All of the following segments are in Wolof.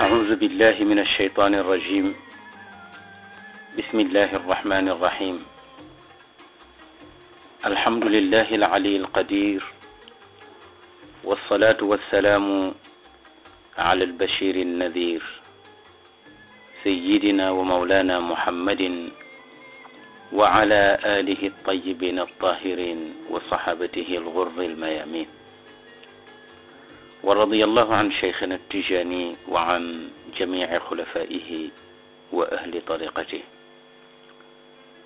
أعوذ بالله من الشيطان الرجيم بسم الله الرحمن الرحيم الحمد لله العلي القدير والصلاة والسلام على البشير النذير سيدنا ومولانا محمد وعلى آله الطيبين الطاهرين وصحابته الغر الميامين ورضي الله عن شيخنا التجاني وعن جميع خلفائه وأهل طريقته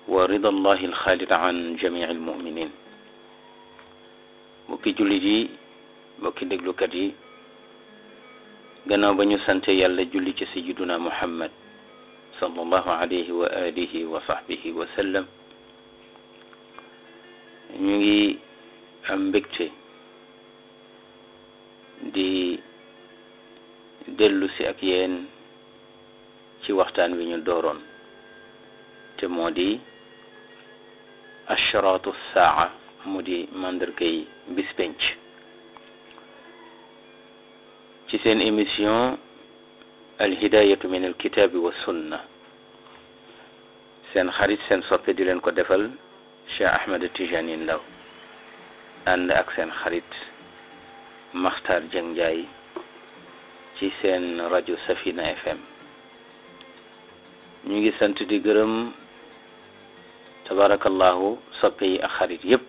ورضى الله الخالد عن جميع المؤمنين وكي جلدي وكي دقلو كدي جناب نسنتي اللي سيدنا محمد صلى الله عليه وآله وصحبه وسلم نيجي أمبكتي di dellusi ak yéen ci waxtaan wi ñu dooroon te moodi di ashraatu saa mu di mandargay bis penc ci seen émission alhidayatu min alkitabi wa sunna seen xarit seen soppe di leen ko defal Cheikh Ahmed Tijani Ndaw ànd ak seen xarit Makhtar Dieng Ndiaye ci seen rajo Safina FM ñu ngi sant di gërëm tabarakallahu soppe yi ak xarit yépp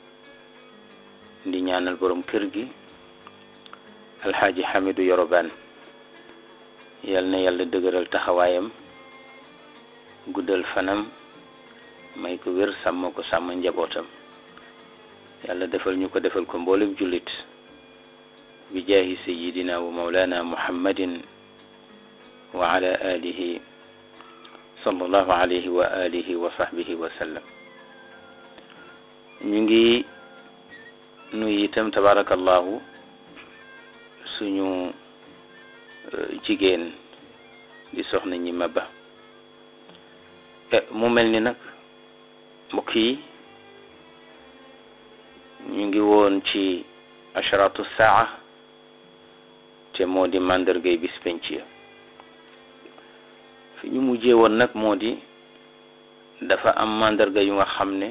di ñaanal boroom kër gi alxaaji Hamidou Yoroban yal na yàlla dëgëral taxawaayam guddal fanam may ko wér sàmm ko sàmm njabootam yàlla defal ñu ko defal ko mboolem jullit بجاه سيدنا ومولانا محمد وعلى آله صلى الله عليه وآله وصحبه وسلم نجي نيتم تبارك الله سنو جيجين دي سخن نيمبا مكي نجي وون تي الساعه te moo di màndargay bis penc ya fi ñu mujjee woon nag moo di dafa am màndarga yu nga xam ne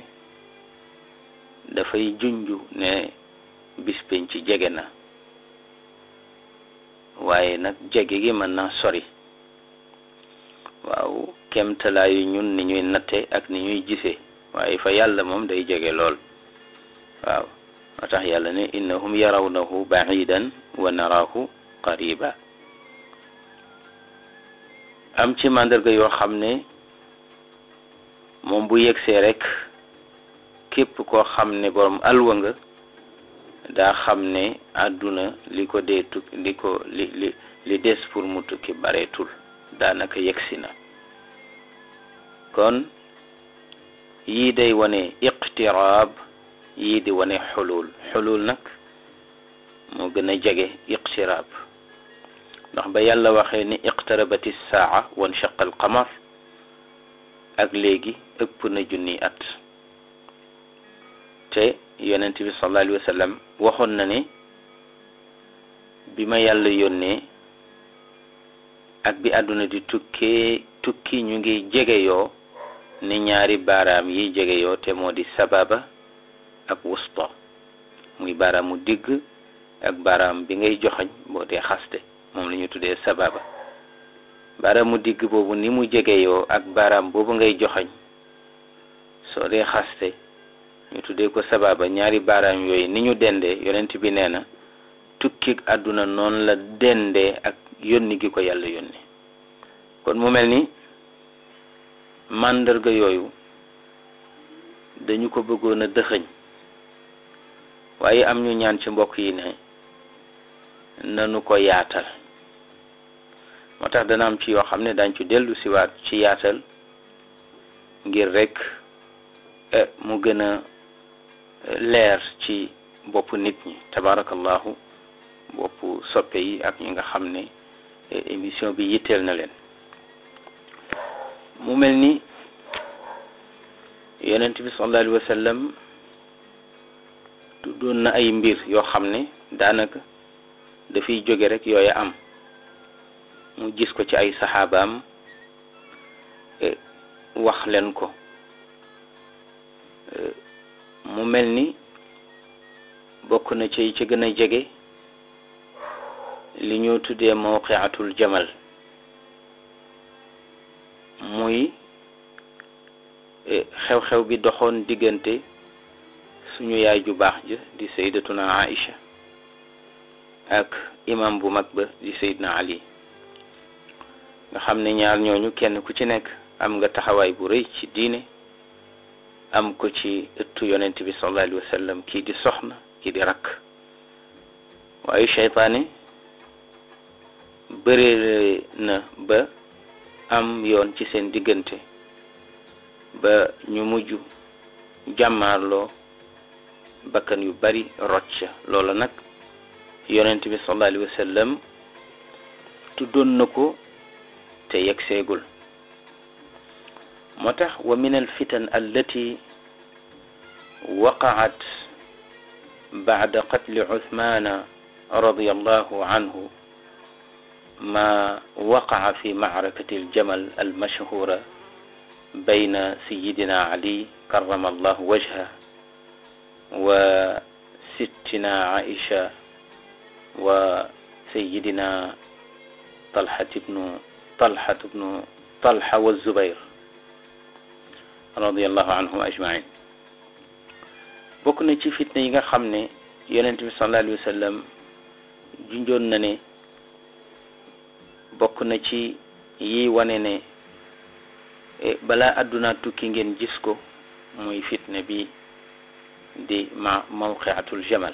dafay junju ne bis penc jege na waaye nag jege gi mën na sori waaw kemtalaayu ñun ni ñuy natte ak ni ñuy gisee waaye fa yàlla moom day jege lool waaw moo tax yàlla ne innahum yarawnahu baidan wa naraahu qariba am ci màndarga yoo xam ne moom bu yegsee rekk képp koo xam ne borom alwa nga daa xam ne àdduna li ko dee tukki li ko li li li des pour mu tukki bareetul daanaka yegsi na kon yii day wone iqtiraab yii di wane xulul xulul nag moo gën a jege iqtiraab ndax ba yàlla waxe ni iqtarabati saa wan shaqa al qamar ak léegi ëpp na junni at te yonent bi sallallahu alayhi waxoon na ne bi ma yàlla yónnee ak bi àdduna di tukkee tukki ñu ngi jegeyoo ne ñaari baaraam yi jegeyoo te moo di sababa ak wusto muy mu digg ak baaraam bi ngay joxañ boo dee xaste moom la ñu tuddee sababa mu digg boobu ni mu jege yoo ak baaraam boobu ngay joxañ soo dee xaste ñu tuddee ko sababa ñaari baaraam yooyu ni ñu dendee yonent bi nee na tukki àdduna noon la dendee ak yónni gi ko yàlla yónni kon mu mel ni màndarga yooyu dañu ko bëggoon a dëxëñ waaye am ñu ñaan ci mbokk yi ne nanu ko yaatal moo tax dana am ci yoo xam ne dañ ci dellu siwaat ci yaatal ngir rekk eh, mu gën a eh, leer ci boppu nit ñi tabarakallahu boppu soppe yi ak ñi nga xam ne eh, émission bi yitteel na leen mu mel ni yonent bi sallallahu alayhi wa sallam tuddoon na ay mbir yoo xam ne daanaka dafiy jóge rekk yooya am mu gis ko ci ay saxaabaam e, wax leen ko e, mu mel ni bokk na ci ci gën a jege li ñoo tuddee mawqiatul jamal muy e, xew-xew bi doxoon diggante suñu yaay ju baax ja di sayyidatuna Aïcha ak imam bu mag ba di Ali nga xam ne ñaar ñooñu kenn ku ci nekk am nga taxawaay bu rëy ci diine am ko ci ëttu yonent bi kii di soxna kii di rakk waaye seytaane bëree na ba am yoon ci seen diggante ba ñu mujj loo bakkan yu bari rocca loola nag yonent bi sallallahu alayhi wa sallam tuddoon na ko te yegg seegul moo tax wa min al fitan allati waqaat bacda qatli uthmana radiallahu anhu ما وقع في معركة الجمل المشهورة بين سيدنا علي كرم الله وجهه وستنا عائشة وسيدنا طلحة بن طلحة بن طلحة والزبير رضي الله عنهم أجمعين بكنا في فتنة يغا خمنا يننتبه صلى الله عليه وسلم جنجون نني بكنا في يي وانيني إيه، بلا أدنا تكينجن جسكو موي فتنة بي دي مع موقعة الجمل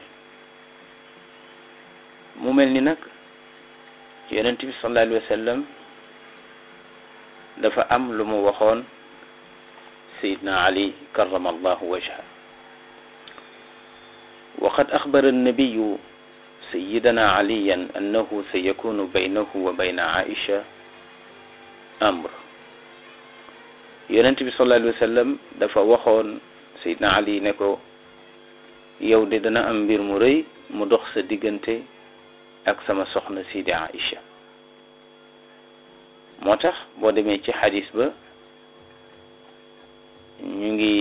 mu mel ni nag yonent bi sallallahu alayhi wa sallam dafa am lu mu waxoon sayidna ali karrama allahu wajha وقد أخبر النبي سيدنا عليا أنه سيكون بينه وبين عائشة أمر yonent bi sallallahu alayhi wa sallam dafa waxoon sayidna ali ne ko yow de dana am mbir mu rëy mu dox sa diggante ak sama soxna Sidi Aïcha moo tax boo demee ci xadis ba ñu ngi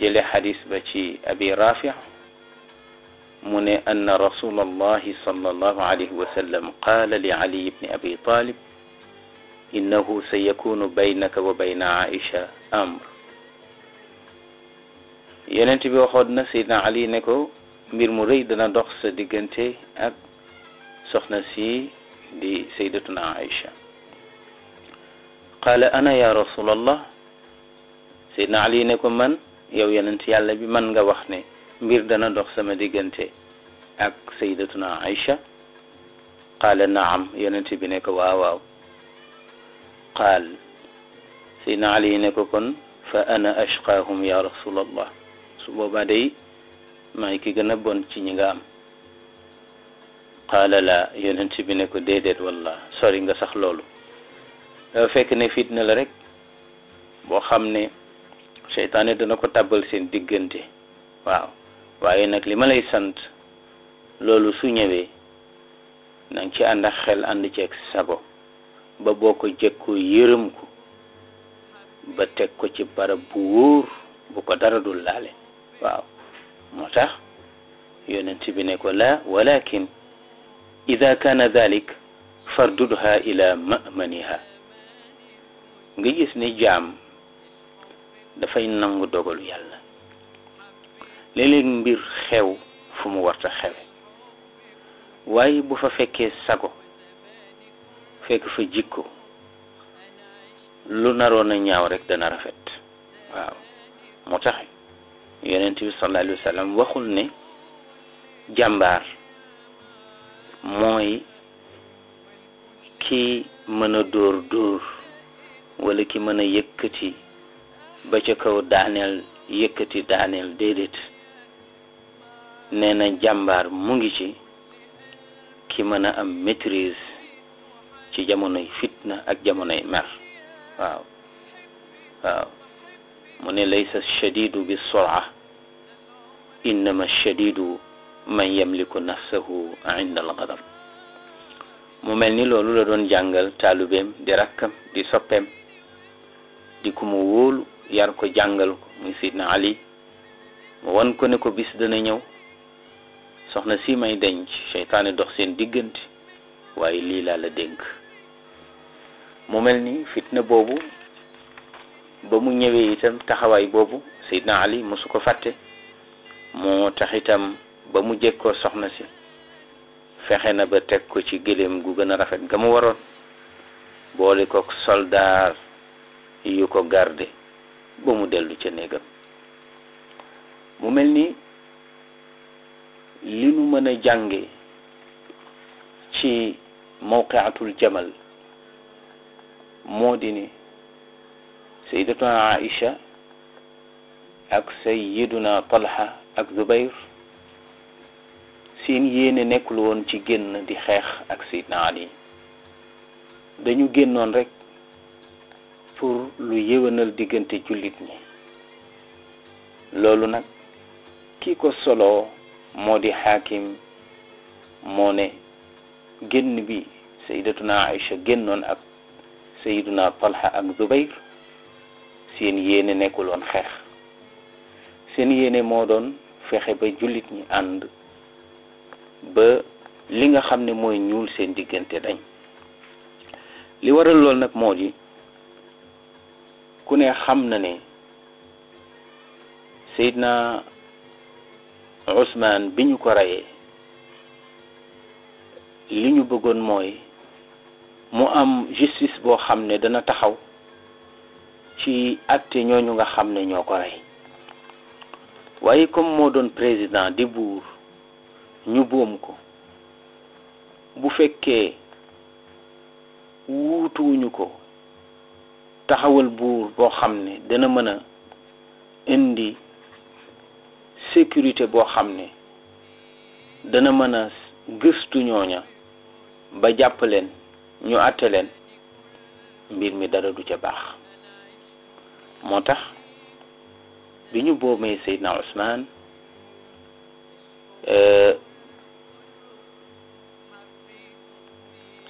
jële xadis ba ci abi rafi mu ne anna rasula allahi sala allahu alayhi wa sallam qaala li ali ibni abi talib innahu sayakunu baynaka wa bayna aïcha amr yenent bi waxoon na sayidna ali ne ko mbir mu rëy dana dox sa diggante ak soxna si di saydatuna aisha qala ana ya rasulallah sayidna ali ne ko man yow yenent yàlla bi man nga wax ne mbir dana dox sama diggante ak saydatuna aisha qaala naam yonent bi ne ko waaw waaw qaal sayidna ali ne ko kon fa ana ashqaahum ya rasulallah su boobaa day may ki gën a bon ci ñi nga am qaala la yonent bi ne ko déedéet walla sori nga sax loolu dafa fekk ne fitna la rek boo xam ne seytaane dana ko tàbbal seen diggante waaw waaye nag li ma lay sant loolu su ñëwee na nga ci ànd ak xel ànd ci ak sago ba boo ko jëkkoo yërëm ko ba teg ko ci barab bu wóor bu ko dara dul laale waaw moo tax yonent bi ne ko laa walakin ida kaana dalik fardudha ila mamaniha nga gis ni jaam dafay nangu dogalu yàlla léeg-léeg mbir xew fu mu warta xewe waaye bu fa fekkee sago fekk fa jikko lu naroon a ñaaw rek dana rafet waaw moo tax yeneen ti sallallahu alayhi waxul ne jàmbaar mooy ki mën a dóor dóor wala ki mën a yëkkati ba ca kaw daaneel yëkkati daaneel déedéet nee na jàmbaar mu ngi ci ki mën a am maîtrise ci jamonoy fitna ak jamonoy mer waaw waaw mu ne laysa shadidu bi sura innama shadidu man yamliku nafsahu inda algadab mu mel ni loolu la doon jàngal taalubeem di rakkam di soppeem di ku mu wóolu yar ko jàngal ko muy sidna ali mu wan ko ne ko bis dana ñëw soxna si may denc seytaane dox seen diggante waaye lii laa la dénk mu mel ni fitna boobu ba mu ñëwee itam taxawaay boobu Seydina Ali mosu ko fàtte moo tax itam ba mu jekkoo soxna si fexe na ba teg ko ci gëléem gu gën a rafet ga mu waroon boole ko soldaar yu ko garde ba mu dellu ca néegam mu mel ni li nu mën a jànge ci mawqiatul jamal moo di ni sayyidatuna Aïcha ak sayyiduna Talha ak Zubayr seen yéene nekkul woon ci génn di xeex ak sayyidna Ali dañu génnoon rek pour lu yéwénal diggante jullit ñi loolu nag ki ko soloo moo di xaakim moo ne génn bi sayyidatuna Aïcha génnoon ak sayyiduna Talha ak Zubayr seen yéene nekkuloon xeex seen yéene moo doon fexe ba jullit ñi ànd ba li nga xam ne mooy ñuul seen diggante dañ li waral lool nag moo di ku ne xam na ne Seydina Ousmane bi ñu ko reyee li ñu bëggoon mooy mu am justice boo xam ne dana taxaw ci acte ñu nga xam ne ñoo ko rey waaye comme moo doon président di buur ñu boom ko bu fekkee wuutuwuñu ko taxawal buur boo xam ne dana mën a indi sécurité boo xam ne dana mën a gëstu ñooña ba jàpp leen ñu àtte leen mbir mi dara du ca baax moo tax bi ñu boomee Seydina Ousmane euh,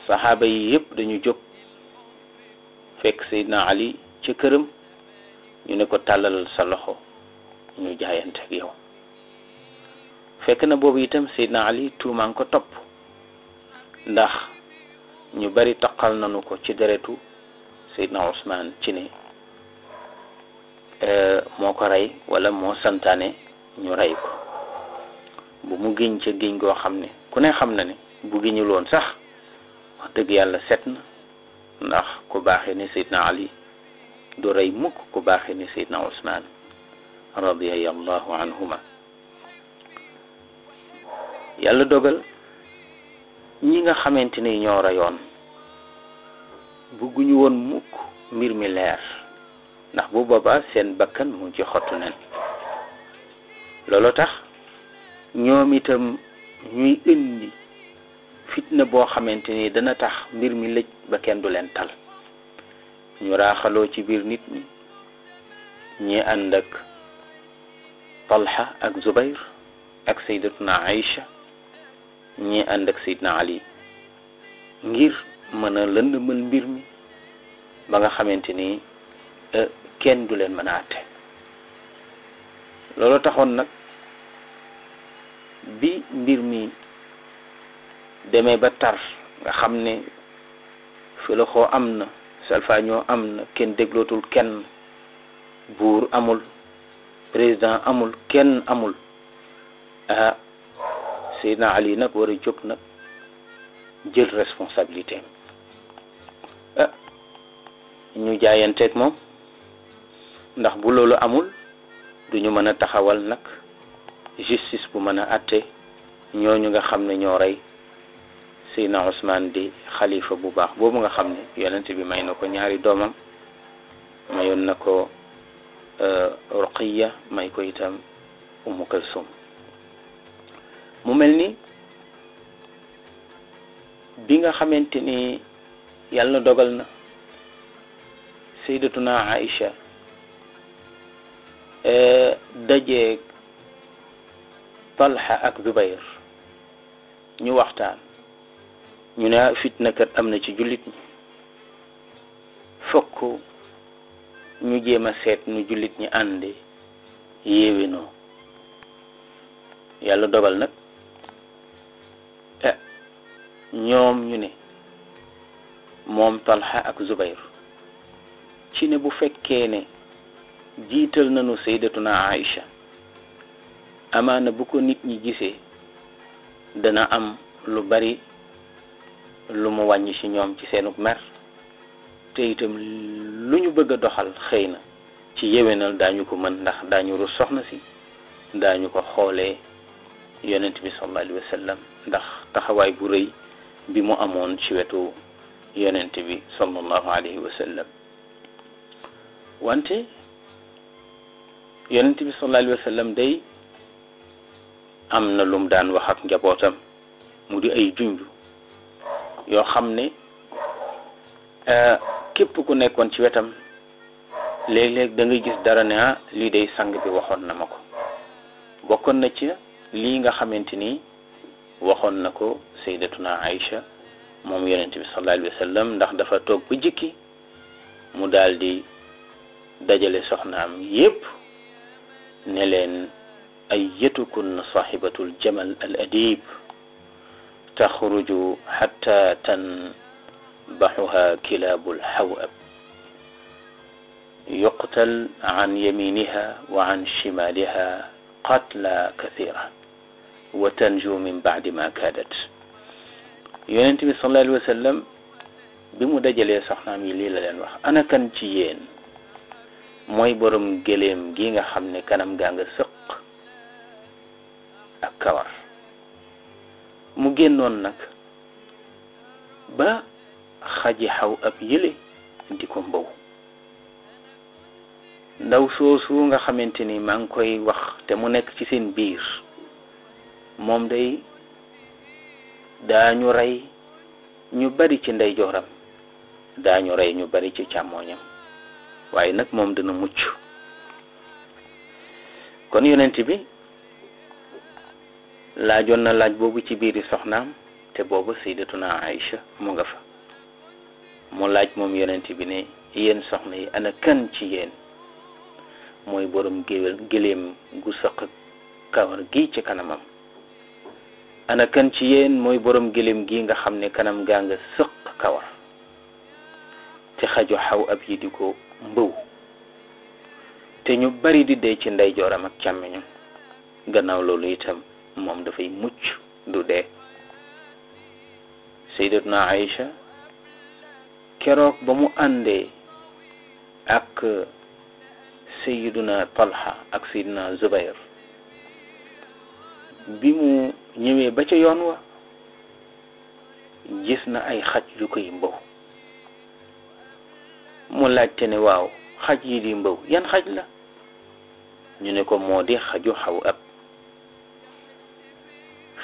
saxaaba yi yëpp dañu jóg fekk Seydina Ali ca këram ñu ne ko tàllalal sa loxo ñu jaayante yow fekk na boobu itam Seydina Ali tuumaan ko topp ndax ñu bari toqal nañu ko ci deretu Seydina Ousmane ci ne Eh, moo ko rey walla moo santaane ñu rey ko bu mu giñ ca giñ goo xam ne ku ne xam na ne bu giñul woon sax wax dëgg yàlla set na ndax ku baaxe ne Seydina Ali du rey mukk ku baaxee ne Seydina Ousmane radiyallahu anhuma yàlla dogal ñi nga xamante ni ñoo reyoon bëgguñu woon mukk mbir mi leer ndax bu boobaa seen bakkan mu ci xottu nen loolu tax ñoom itam ñuy indi fitna boo xamante ni dana tax mbir mi lëj ba kenn du leen tal ñu raaxaloo ci biir nit ñi ñi ànd ak Talha ak Zubair ak sayyidatuna Aïcha ñi ànd ak sayyidna Ali ngir mën a lëndëmal mbir mi ba nga xamante Eh, kenn du leen mën a àtte loolu taxoon nag bi mbir mi demee ba tar nga xam ne fëlaxoo am na salfaañoo am na kenn déglootul kenn buur amul président amul kenn amul ah Seydina Ali nag war a jóg nag jël responsabilité eh, ñu jaayanteeg moom ndax bu loolu amul du ñu mën a taxawal nag justice bu mën a àtte ñooñu nga xam ne ñoo rey Seydina di xalifa bu baax boobu nga xam ne yonent bi may na ko ñaari doomam mayoon na ko euh, Ruqiya may ko itam Umu Kalsum mu mel ni bi nga xamante ni na dogal na Seydatuna Aïcha E, dajeeg Talha ak Zubayr ñu waxtaan ñu ne fitna kat am na ci jullit ñi fokk ñu jéem a seet nu jullit ñi àndi yéewénoo yàlla dogal nag eh, ñoom ñu ne moom Talha ak Zubayr ci ne bu fekkee ne jiital nañu saydatuna Aïcha amaana bu ko nit ñi gisee dana am lu bari lu mu wàññi ci ñoom ci seenu mer te itam lu ñu bëgg a doxal xëy na ci yewenal daañu ko mën ndax daañu rus soxna si daañu ko xoolee yonent bi sallallahu alayhi wa ndax taxawaay bu rëy bi mu amoon ci wetu yonent bi sallallahu alayhi wa wante yonent bi sallallahu alayhi wa am na lum daan wax ak njabootam mu di ay junj yoo xam ne euh, képp ku nekkoon ci wetam léeg-léeg da gis dara ne ah lii day sang bi waxoon na ma ko bokkoon na ci lii nga xamante ni waxoon na ko saydatuna Aïcha moom yonent bi sallallahu alayhi wa ndax dafa toog ba jikki mu daal di dajale soxnaam yépp نلن أيتكن صاحبة الجمل الأديب تخرج حتى تنبحها كلاب الحوأب يقتل عن يمينها وعن شمالها قتلى كثيرة وتنجو من بعد ما كادت ينتمي صلى الله عليه وسلم بمدجل يا صحنا ميلي لنوح أنا كنتيين mooy borom géléem gi nga xam ne kanam gaa nga sëq ak kawar mu génnoon nag ba xaji xaw ab yële di ko mbow ndaw soosu nga xamante ni maa ngi koy wax te mu nekk ci seen biir moom day daañu rey ñu bari ci ndeyjooram daañu rey ñu bari ci càmmooñam waaye nag moom dana mucc kon yonent bi laajoon na laaj boobu ci biir yi soxnaam te boobu sayyidatuna Aïcha mu nga fa mu laaj moom yonent bi ne yéen soxna yi ana kan ci yéen mooy borom géléem gu sëq kawar gi ci kanamam ana kan ci mooy borom géléem gi nga xam ne kanam gaa nga sëq kawar ci xaju xaw ab yi di ko mbuw te ñu bari di dee ci ndeyjooram ak càmmiñam gannaaw loolu itam moom dafay mucc du dee sayyidatuna Aïcha keroog ba mu àndee ak sayyiduna Talha ak sayyiduna Zubair bi mu ñëwee ba ca yoon wa gis na ay xaj yu koy mbow mu laajte ne waaw xaj yi di mbaw yan xaj la ñu ne ko moo di xaju xaw ab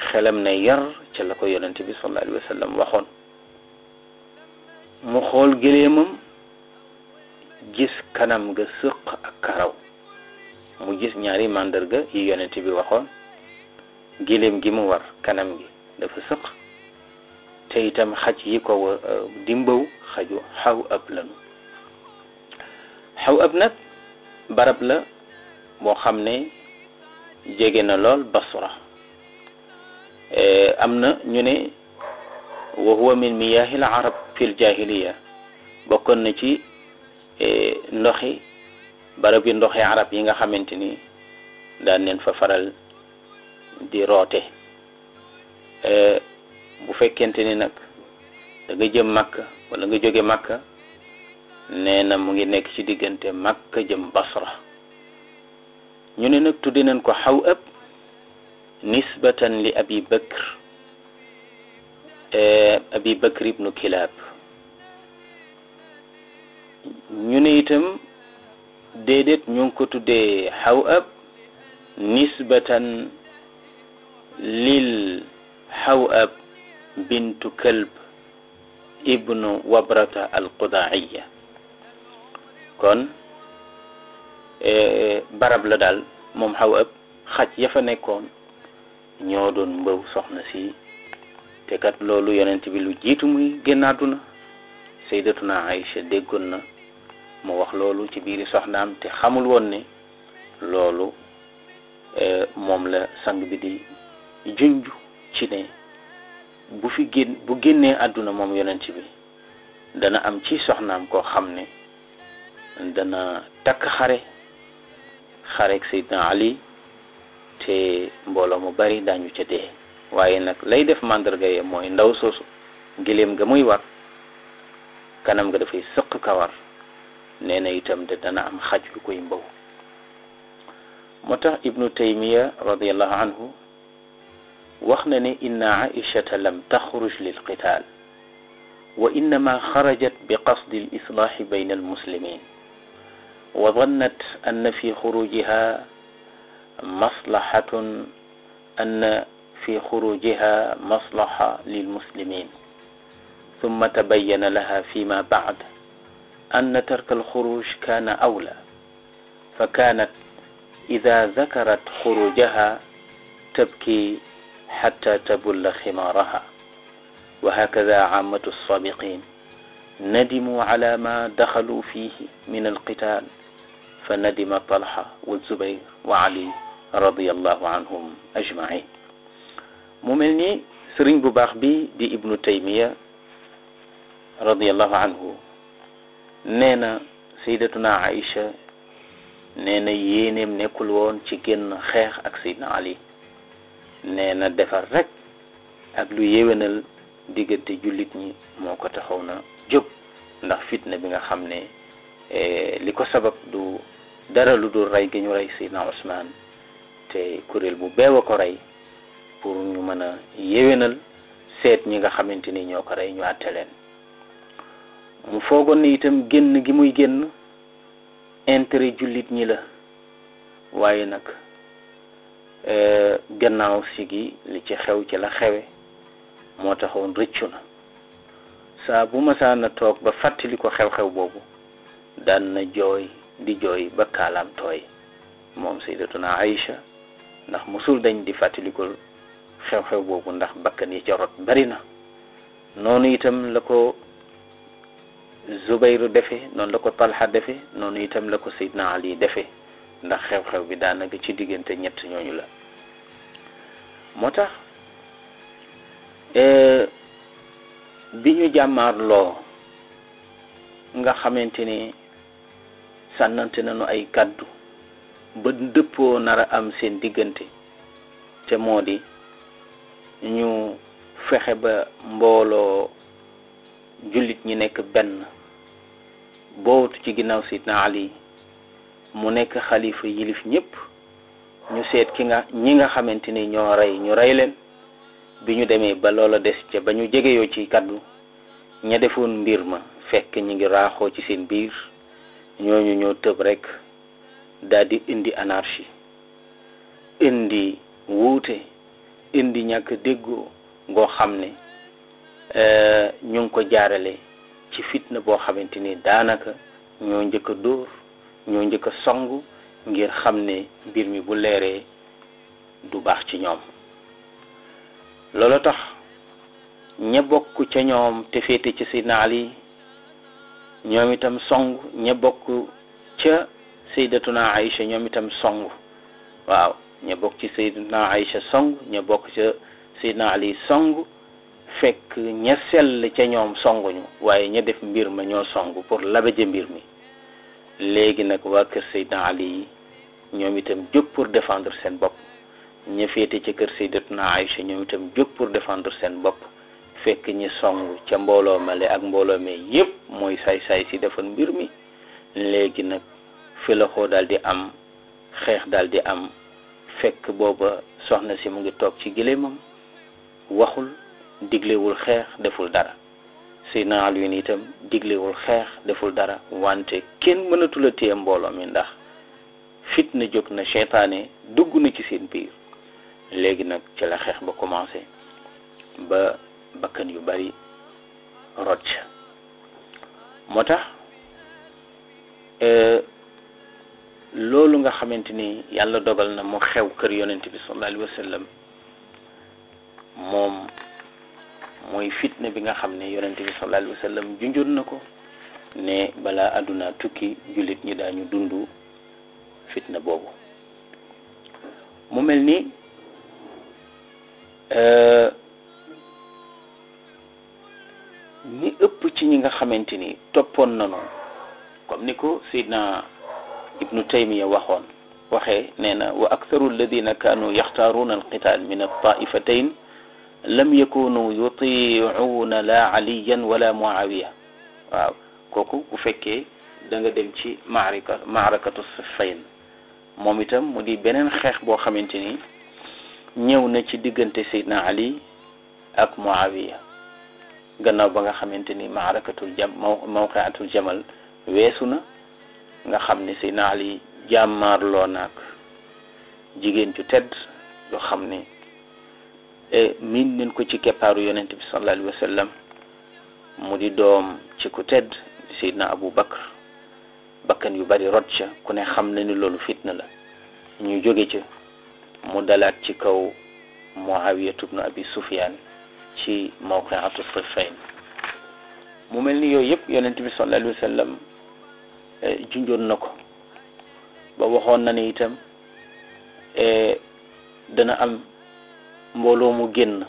xelam na yar ca la ko yonente bi sallallahu alayhi wa sallam waxoon mu xool gëléemam gis kanam ga sëq ak karaw mu gis ñaari màndarga yi yonente bi waxoon gëléem gi mu war kanam gi dafa sëq te itam xaj yi ko euh, dimbaw xaju xaw ab lanu xew ëpp nag barab la boo xam ne jege na lool basra e, am na ñu ne wa huwa min miyaahil arab fil jahiliya bokkoon na ci e, ndoxi barab yi ndoxi arab yi nga xamante ni daan neen fa faral di roote e, bu fekkente ni nag da nga jëm màkka wala nga jóge makka nee na mu ngi nekk ci diggante Makka jëm Basra ñu ne nag tudde nañ ko xaw ëpp nisbatan li abi bakr eh, abi bakr ibnu kilaab ñu ne itam déedéet ñu ngi ko tuddee xaw ab nisbatan lil xaw ab bintu kalb ibnu wabrata al qudaiya kon e, e, barab la daal moom xaw ëpp xaj ya fa nekkoon ñoo doon mbëw soxna si te kat loolu yonent bi lu jiitu muy génn àdduna naa Aïcha déggoon na mu wax loolu ci biiri soxnaam te xamul woon ne loolu e, moom la sang bi di junj ci ne bu fi génn génnee àdduna moom yonent bi dana am ci soxnaam koo xam ne dana takk xare xare ak Ali te mbooloo mu bari daañu ca dee waaye nag lay def màndarga ye mooy ndaw soosu giléem ga muy war kanam ga dafay sëq kawar nee na itam te dana am xaj lu koy mbaw moo tax ibnu taymiya radiallahu anhu wax na ne inna aishata lam taxruj lil qital wa innama xarajat bi qasdi al islaahi bayna وظنت أن في خروجها مصلحة أن في خروجها مصلحة للمسلمين ثم تبين لها فيما بعد أن ترك الخروج كان أولى فكانت إذا ذكرت خروجها تبكي حتى تبل خمارها وهكذا عامة السابقين ندموا على ما دخلوا فيه من القتال فندم طلحة والزبير وعلي رضي الله عنهم أجمعين مملني سرين بباخبي دي ابن تيمية رضي الله عنه نانا سيدتنا عائشة نينا يينم نكلون تيجن خيخ أك سيدنا علي نانا دفر رك أك لو يوينل ديجت جولتني موكا تخونا جب ndax fitna bi nga xamne eh dara lu dul rey gi ñu rey Seydina Ousmane te kuréel bu beew a ko rey pour ñu mën a yéwénal seet ñi nga xamante ni ñoo ko rey ñu àtte leen mu foogoon ne itam génn gi muy génn intérêt jullit ñi la waaye nag euh, gannaaw si gi li ci xew ci la xewe moo taxoon rëccu na saa bu masaana toog ba fàttali ko xew-xew boobu daan na jooy di jooy ba kaalaam tooy moom sayyidatuna Aïcha ndax musul dañ di fàttalikul xew-xew boobu ndax bakkan yi ca rot bari na noonu itam la ko Zubayru defe noonu la ko Talha defe noonu itam la ko Seydina Ali defe ndax xew-xew bi daanaka ci diggante ñett ñooñu la moo tax e, bi ñu jàmmaarloo nga xamante ni sannantenano ay gaddu ba dëppoo nara am seen diggante te moo di ñu fexe ba mbooloo jullit ñi nekk benn boowatu ci ginnaaw sidna ali mu nekk xalifa yilif ñëpp ñu seet ki nga ñi nga xamante ni ñoo rey ñu rey leen bi ñu demee ba loola des ca ba ñu jegeyoo ci kaddu ña defoon mbir ma fekk ñi ngi raaxoo ci seen biir ñooñu ñoo tëb rek daal di indi anarchie indi wuute indi ñàkk déggoo ngoo xam ne euh, ñu ngi ko jaarale ci fitna boo xamante ni daanaka ñoo njëkk a dóor ñoo njëkk a song ngir xam ne mbir mi bu leeree du baax ci ñoom loolu tax ña bokk ca ñoom te féete ci Seydina Ali ñoom itam song ña bokk ca saydatuna Aïcha ñoom itam song waaw ña bokk ci saydatuna Aïcha song ña bokk ca saydna Ali song fekk ña sell ca ñoom songuñu waaye ña def mbir ma ñoo song pour labeje mbir mi léegi nag waa kër saydna Ali ñoom itam jóg pour défendre seen bopp ña féete ca kër saydatuna Aïcha ñoom itam jóg pour defendre seen bopp fekk ñi song ca mbooloo male ak mbooloo me yépp mooy saay-saay si defar mbir mi léegi nag fi filaxoo daal di am xeex daal di am fekk booba soxna si mu ngi toog ci giléemam waxul diglewul xeex deful dara si Seydina Alioune itam diglewul xeex deful dara wante kenn mënatula téye mbooloo mi ndax fitna jóg na seytaane dugg na ci seen biir léegi nag ci la xeex ba commencé ba bakkan yu bari rot moo tax euh, loolu nga xamante ni yàlla dogal na mu xew kër yonent bi sallallahu alayhi moom mooy fitna bi nga xam ne yonent bi sallallahu alayhi wa na ko ne balaa àdduna tukki jullit ñi daañu dund fitna boobu mu mel ni euh, li ëpp ci ñi nga xamante ni toppoon nanu comme ni ko Seydina Ibnu Taymiya waxoon waxee nee na wa aktaru alladina kaanu yaxtaaruuna alqital min altaifatain lam yakunu yutiuuna la aliyan wala muawiya waaw kooku bu fekkee da dem ci marika maarakatu siffayn moom itam mu di beneen xeex boo xamante ni ñëw na ci diggante Seydina Ali ak Muawiya gannaaw ba nga xamante ni maarakatul jam mawqiatul jamal weesu na nga xam ni Seydina Ali loo naag jigéen ju tedd yoo xam ni e, miin nañ ko ci keppaaru yonent bi sallallahu alayhi wa mu di doom ci ku tedd di Seydina Abu Bakr bakkan yu bari rot ca ku ne xam na ni loolu fitna la ñu jóge ca mu dalaat ci kaw Muawiyatu bnu Abi Sufyaan ci mawqiatu siffin mu mel ni yooyu yëpp yonent bi sallallahu alayhi wa sallam e, junjoon na ko ba waxoon na ne itam e, dana am mbooloo mu génn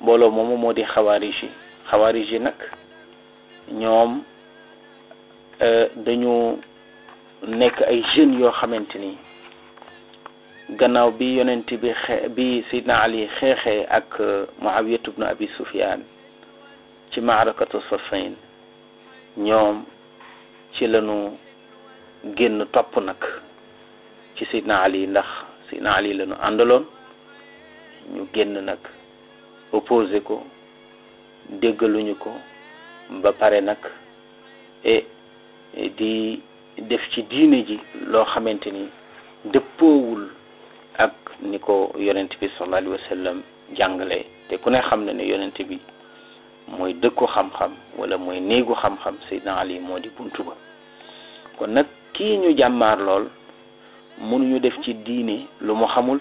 mbooloo moomu moo di xawaarij yi xawaarij yi nag ñoom e, dañu nekk ay jeunes yoo xamante ni gannaaw bi yonent bi xe bi Seydina Ali xeexee ak euh, Muawiyatu bnu Abi Sufyaan ci maarakatu Safayn ñoom ci lañu génn topp nag ci Seydina Ali ndax Seydina Ali lañu àndaloon ñu génn nag opposé ko déggaluñu ko ba pare nag e di def ci diine ji loo xamante ni dëppoowul ak ni ko yonent bi sallallahu alayhi jàngale te ku ne xam na ne yonent bi mooy dëkku xam-xam wala mooy néegu xam-xam Seydina Ali moo di buntu ba kon nag kii ñu jàmmaar lool mënuñu def ci diine lu mu xamul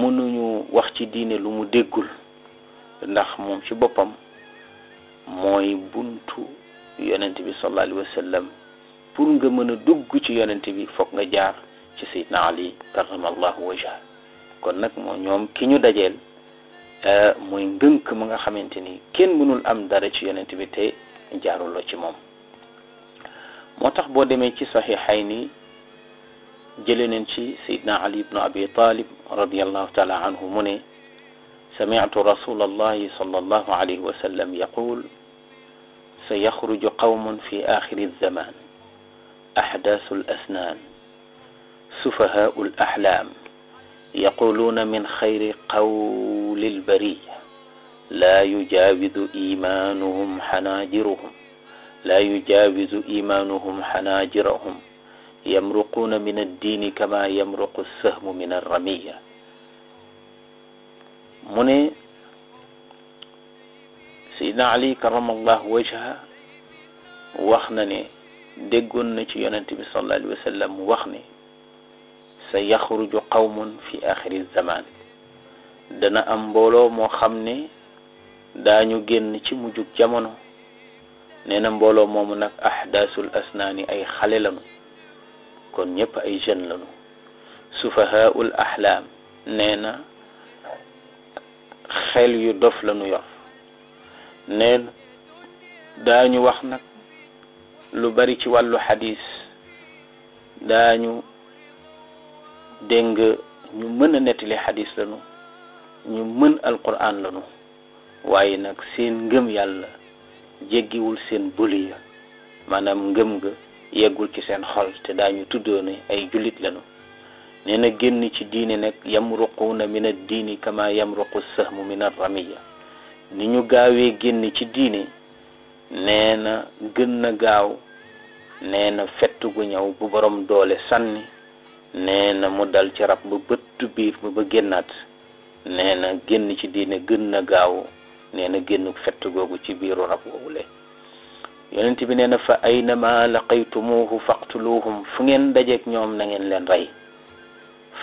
mënuñu wax ci diine lu mu déggul ndax moom ci boppam mooy bunt yonent bi sallallahu alayhi wa sallam pour nga mën a dugg ci yonent bi foog nga jaar ci sayidna ali karamallahu wajha kon nag moo ñoom ki ñu dajeel mooy ngënk mu nga xamante ni kenn mënul am dara ci yonent bi te jaaruloo ci moom moo tax boo demee ci saxiixay ni jële neen ci sayidna ali ibnu abi talib radiallahu taala anhu mu ne سمعت رسول الله صلى الله عليه وسلم يقول سيخرج قوم في آخر الزمان أحداث الأسنان سفهاء الأحلام يقولون من خير قول البرية لا يجاوز إيمانهم حناجرهم لا يجاوز إيمانهم حناجرهم يمرقون من الدين كما يمرق السهم من الرمية من سيدنا علي كرم الله وجهه وخنني na نتي يونتي صلى الله عليه وسلم sallallahu sa yaxruju qawmun fi axiri zaman dana am mbooloo moo xam ne daañu génn ci mujjug jamono nee na mbooloo moomu nag ahdaasul asnaani ay xale lanu kon ñépp ay jeunes lanu sufahaul ahlaam nee na xel yu dof lanu yor nee daañu wax nag lu bari ci wàllu xadis daañu dégg nga ñu mën a nettali xadis lañu ñu mën alquran lañu waaye nag seen ngëm yàlla jéggiwul seen boli ya maanaam ngëm nga yeggul ci seen xol te daañu tuddoo ay jullit lañu nee na génn ci diine nag yamruquuna na ad diini kama yamruqu sahmu min arramiya ni ñu gaawee génn ci diine nee na gën na gaaw nee na fett gu ñaw bu borom doole sànni nee na mu dal ci rab ba bëtt biir ba ba génnaat nee na génn ci diine gën na gaaw nee na génn fett googu ci biiru rab woowule yonent bi nee na fa aynama laqaytumuhu faqtuluhum fu ngeen dajeek ñoom na ngeen leen rey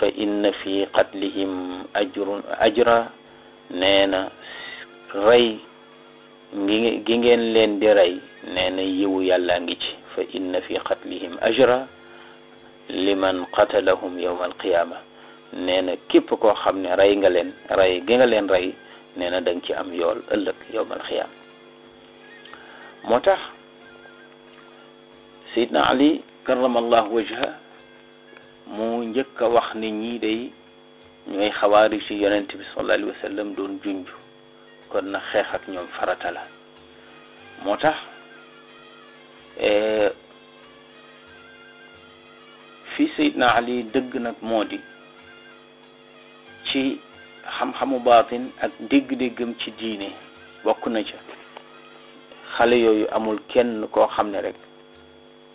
fa inna fi qatlihim ajrun ajra nee na rey gi ngeen leen di rey nee yiwu yàlla ngi ci fa inna fi qatlihim ajra liman qatalahum yawma alqiyama nee na képp koo xam ne rey nga leen ray gi nga leen rey nee na da ci am yool ëllëg yawma alqiyama moo tax sayidna ali karamallahu wajha mu njëkk a wax ne ñii day ñooy xawaari ci yonent bi sallallahu alayhi doon junj kon na xeex ak ñoom farata la moo tax eh, fii Seydina Ali dëgg nag moo di ci xam-xamu baatin ak dégg-déggam ci diine bokk na ca xale yooyu amul kenn koo xam ne rek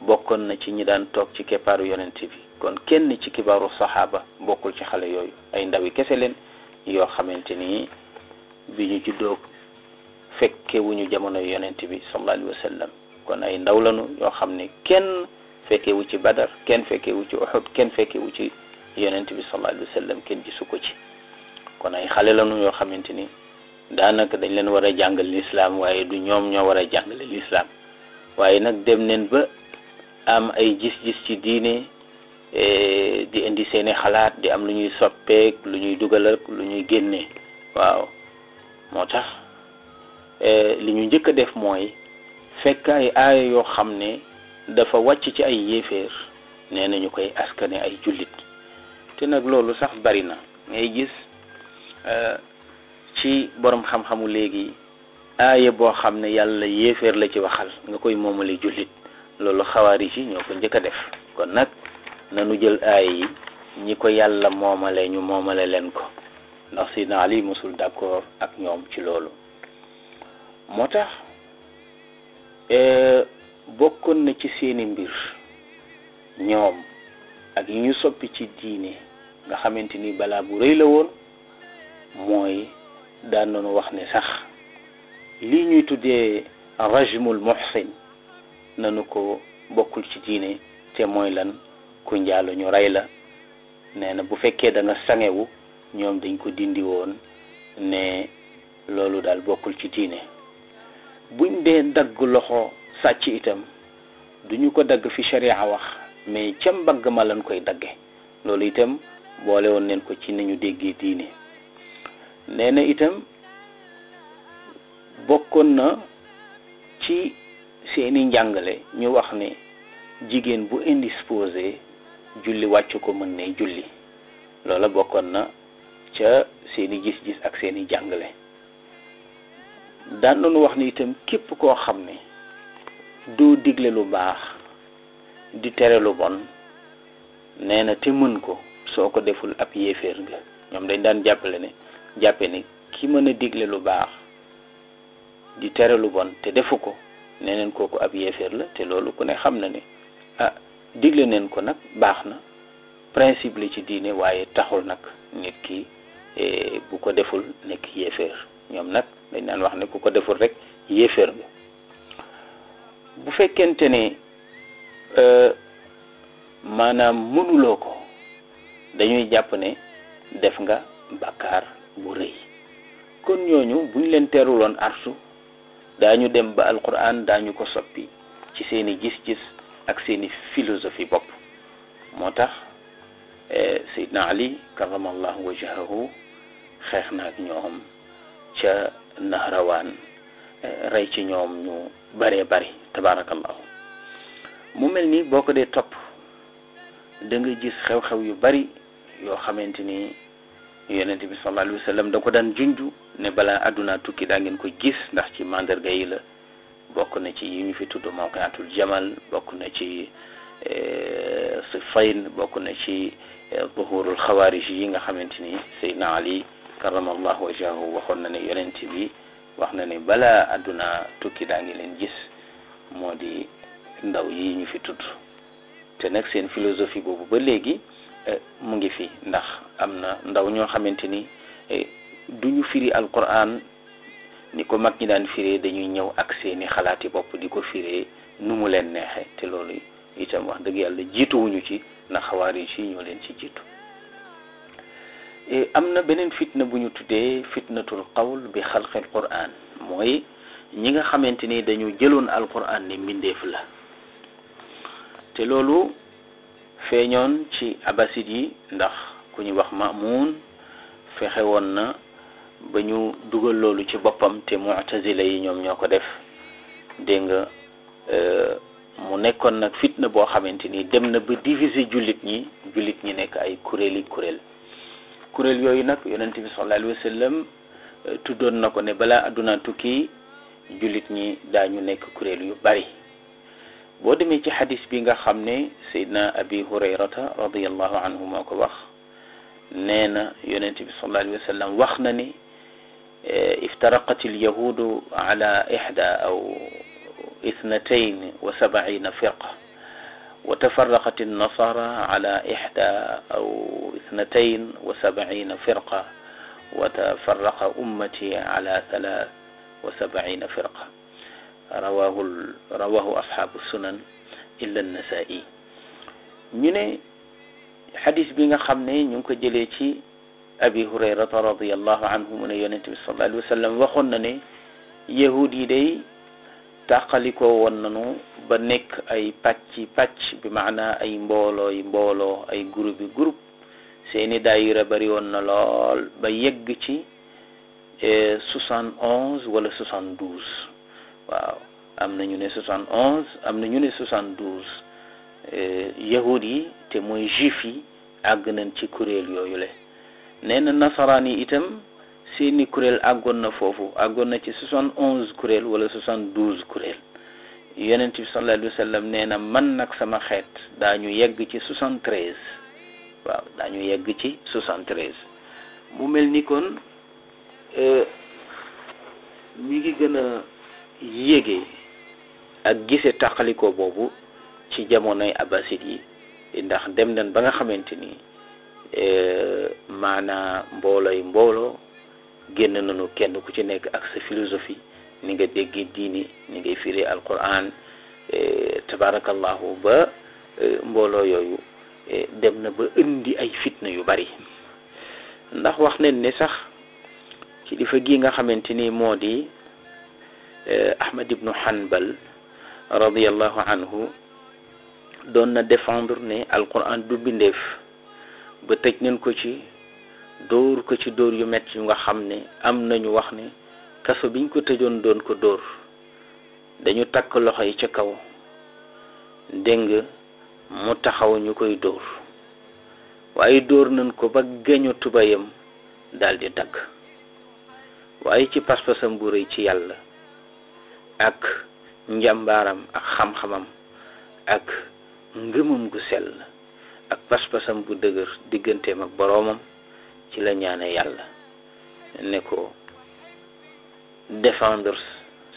bokkoon na ci ñi daan toog ci keppaaru yonent bi kon kenn ci kibaaru saxaaba bokkul ci xale yooyu ay ndawi kese leen yoo xamante ni bi ñu juddoo fekkewuñu wu ñu jamono yonent bi sallallahu alayhi kon ay ndaw lañu yoo xam ne kenn fekke wu ci badar kenn fekke wu ci uhud kenn fekke wu ci yonent bi sallallahu alayhi wa sallam kenn gisu ko ci kon ay xale lañu yoo xamante ni daanaka dañ leen war a jàngal lislaam waaye du ñoom ñoo war a jàngale lislaam waaye nag dem neen ba am ay gis-gis ci diine e, di indi seeni xalaat di am lu ñuy soppeek lu ñuy dugal lu ñuy génne waaw moo tax e, li ñu njëkk a def mooy fekk ay aaya yoo xam ne dafa wàcc ci ay yéeféer nee nañu ñu koy askane ay jullit te nag loolu sax bari na ngay gis euh, ci boroom xam-xamu léegi aaye boo xam ne yàlla yéeféer la ci waxal nga koy moomale jullit loolu xawaari ci ñoo ko njëkk def kon nag nanu jël aaye yi ñi ko yàlla moomale ñu moomale leen ko ndax Seydina Ali mosul d'accord ak ñoom ci loolu moo tax euh, bokkoon na ci seeni mbir ñoom ak yi ñu soppi ci diine nga xamante ni balaa bu rëy la woon mooy daan doon wax ne sax lii ñuy tuddee rajmul muhsin nanu ko bokkul ci diine te mooy lan ku njaalo ñu rey la nee na bu fekkee da sangewu ñoom dañ ko dindi woon ne loolu daal bokkul ci diine buñ dee dagg loxo sàcc itam duñu ko dagg fi sharia wax mais ca mbagg ma lañ koy dagge loolu itam boole woon neen ko ci nañu déggee diine nee na itam bokkoon na ci seeni njàngale ñu wax ne jigéen bu indisposé julli wàccu ko mën ne julli loola bokkoon na ca seeni gis-gis ak seeni jàngale daan doon wax ne itam képp koo xam ne doo digle lu baax di tere lu bon nee na te mën ko soo ko deful ab yéeféer nga ñoom dañ daan jàppale ne jàppe ne ki mën a digle lu baax di tere lu bon te defu ko nee neen kooku ab yéeféer la te loolu ku ne xam na ni ah digle neen ko nag baax na principe la ci diine waaye taxul nag nit ki e, bu ko deful nekk yéeféer ñoom nag dañ daan wax ne ku ko deful rek yéeféer nga bu fekkente ne euh, maanaam mënuloo ko dañuy jàpp ne def nga bàkkaar bu rëy kon ñooñu buñ leen arsu dañu dem ba alquran dañu ko soppi ci seeni gis-gis ak seeni philosophie bopp moo tax euh, sayidna ali karamallahu wajahahu xeex na ak ñoom ca nahrawaan euh, rey ci ñoom ñu bare bare tabaarakallaahu mu mel ni boo ko dee topp da nga gis xew-xew yu bari yoo xamante ni yonent bi sallallahu alayhi wa sallam ko daan junju ne balaa àdduna tukki daa ngeen ko gis ndax ci mandarga yi la bokk na ci yi ñu fi tudd mawqiatul jamal bokk na ci e, sifayn bokk na ci e, zuhurul xawaarij yi nga xamante ni Seydina Ali karamallahu wajahu waxoon na ne yonent bi wax na ne balaa àdduna tukki daa ngi gis moo di ndaw yi ñu fi tudd te nag seen philosophie boobu ba léegi eh, mu ngi fi ndax am na ndaw ñoo xamante ni eh, duñu firi alquran ni ko mag ñi daan firee dañuy ñëw ak seeni xalaati bopp di ko firee nu mu leen neexee te loolu itam wax dëgg yàlla jiituwuñu ci ndax xawaari yi ñoo leen ci jiitu eh, am na beneen fitna buñu tuddee fitnatul qawl bi xalqil quran mooy ñi nga xamante ni dañu jëloon alquran ni mbindeef la te loolu feeñoon ci abasit yi ndax ku ñu wax Maamun fexe woon na ba ñu dugal loolu ci boppam te mu'tazila yi ñoom ñoo ko def dégg nga euh, mu nekkoon nag fitna boo xamante ni dem na ba diviser jullit ñi jullit ñi nekk ay kuréeli kuréel kuréel yooyu nag yonent bi sallallahu alayhi wa euh, tuddoon na ko ne balaa adduna tukki julit ñi dañu nekk kuréel yu bari boo demee ci xadis bi nga xam ne sayidna abi hurayrata radiallahu anhu moo ko wax nee na yonente bi sallallahu alayhi wa sallam wax na ni iftaraqat alyahudu ala ixda aw ithnatayn wa وسبعين فرقة وتفرقت النصارى على إحدى أو اثنتين وسبعين فرقة وتفرق أمتي على ثلاث wa sabaina firqa rawahu rawahu ashabu ñu ne xadis bi nga xam ne ñu ngi ko jëlee ci abi hurayrata radiallahu anhu waxoon na ne yahud yi day tàqalikoo woon nanu ba nekk ay pàcci pàcc bi maanaa ay mbooloo yi ay groupe yi groupe seeni daayira bari woon na lool ba yegg ci Eh, soixante onze wala soixante douze waaw am na ñu ne soixante onze am na ñu ne soixante douze eh, yahud yi te mooy juif yi àgg nañ ci kuréel yooyu le nee na nasaraan yi itam seeni kuréel àggoon na foofu àggoon na ci soixante onze kuréel wala soixante douze kuréel yonent bi sallallahu alayhi nee na man nag sama xeet daañu yegg ci soixante treize waaw daañu yegg ci soixante treize mu mel ni kon Euh, mi ngi gëna a ak gise tàqalikoo boobu ci jamonoy abbasid yi ndax dem nañ ba nga xamante ni euh, maanaa mboolooy mbooloo génn nañu kenn ku ci nekk ak sa philosophie ni nga déggee diini ni ngay firee alquran euh, tabaarakallahu ba mbooloo yooyu dem na ba indi ay fitna yu bari ndax wax nañ ne sax kilifa gi nga xamante ni moo di eh, Ahmad ibnu Hanbal radiallahu anhu doon na défendre ne alquran du bindeef ba tëj nañ ko ci dóor ko ci dóor yu metti yu nga xam ne am nañu wax ne kaso biñ ko tëjoon doon ko dóor dañu takk loxo yi ca kaw dégg nga mu taxaw ñu koy dóor waaye dóor nañ ko ba gëñu tubayam daldi di waaye ci pas-pasam bu rëy ci yàlla ak njàmbaaram ak xam-xamam ak ngëmam gu sell ak pas-pasam bu dëgër digganteem ak boroomam ci la ñaane yàlla ne ko défendre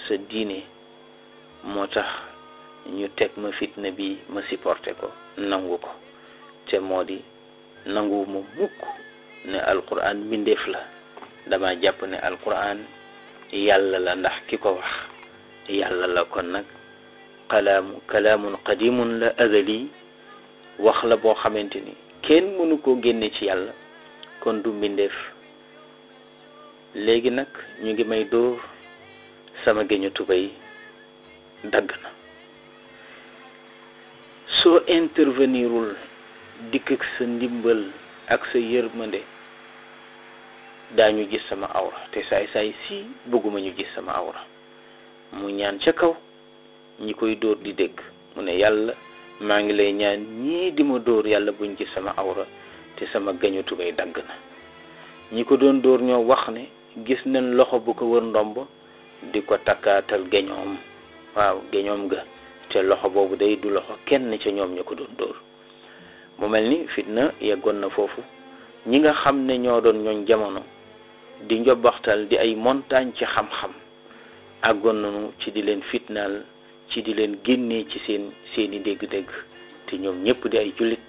sa diine moo tax ñu teg ma fitna bi ma supporté ko nangu ko te moo di nangu ma mukk ne alquran mbindeef la dama jàpp ne alquran yàlla la ndax ki ko wax yàlla la kon nag kalaamu kalaamun qadimun la azali wax la boo xamante ni kenn mënu ko génne ci yàlla kon du mbindeef léegi nag ñu ngi may dóor sama géñu tubéy dagg na soo intervenirul dikk sa ndimbal ak sa yërmande daañu gis sama awra te saay saay sii bëgguma ñu gis sama awra mu ñaan ca kaw ñi koy dóor di dégg mu ne yàlla maa ngi lay ñaan ñii di ma dóor yàlla buñ gis sama awra te sama gañu tubay dagg na ñi ko doon dóor ñoo wax ne gis nañ loxo bu ko wër ndomb di ko takkaatal géñoom waaw géñoom ga te loxo boobu day du loxo kenn ca ñoom ña ko doon dóor mu mel ni fitna yeggoon na foofu ñi nga xam ne ñoo doon ñooñ jamono di njobbaxtal di ay montagne ci xam-xam àggoon nanu ci di leen fitnaal ci di leen génnee ci seen seeni dégg-dégg te ñoom ñëpp di ay julit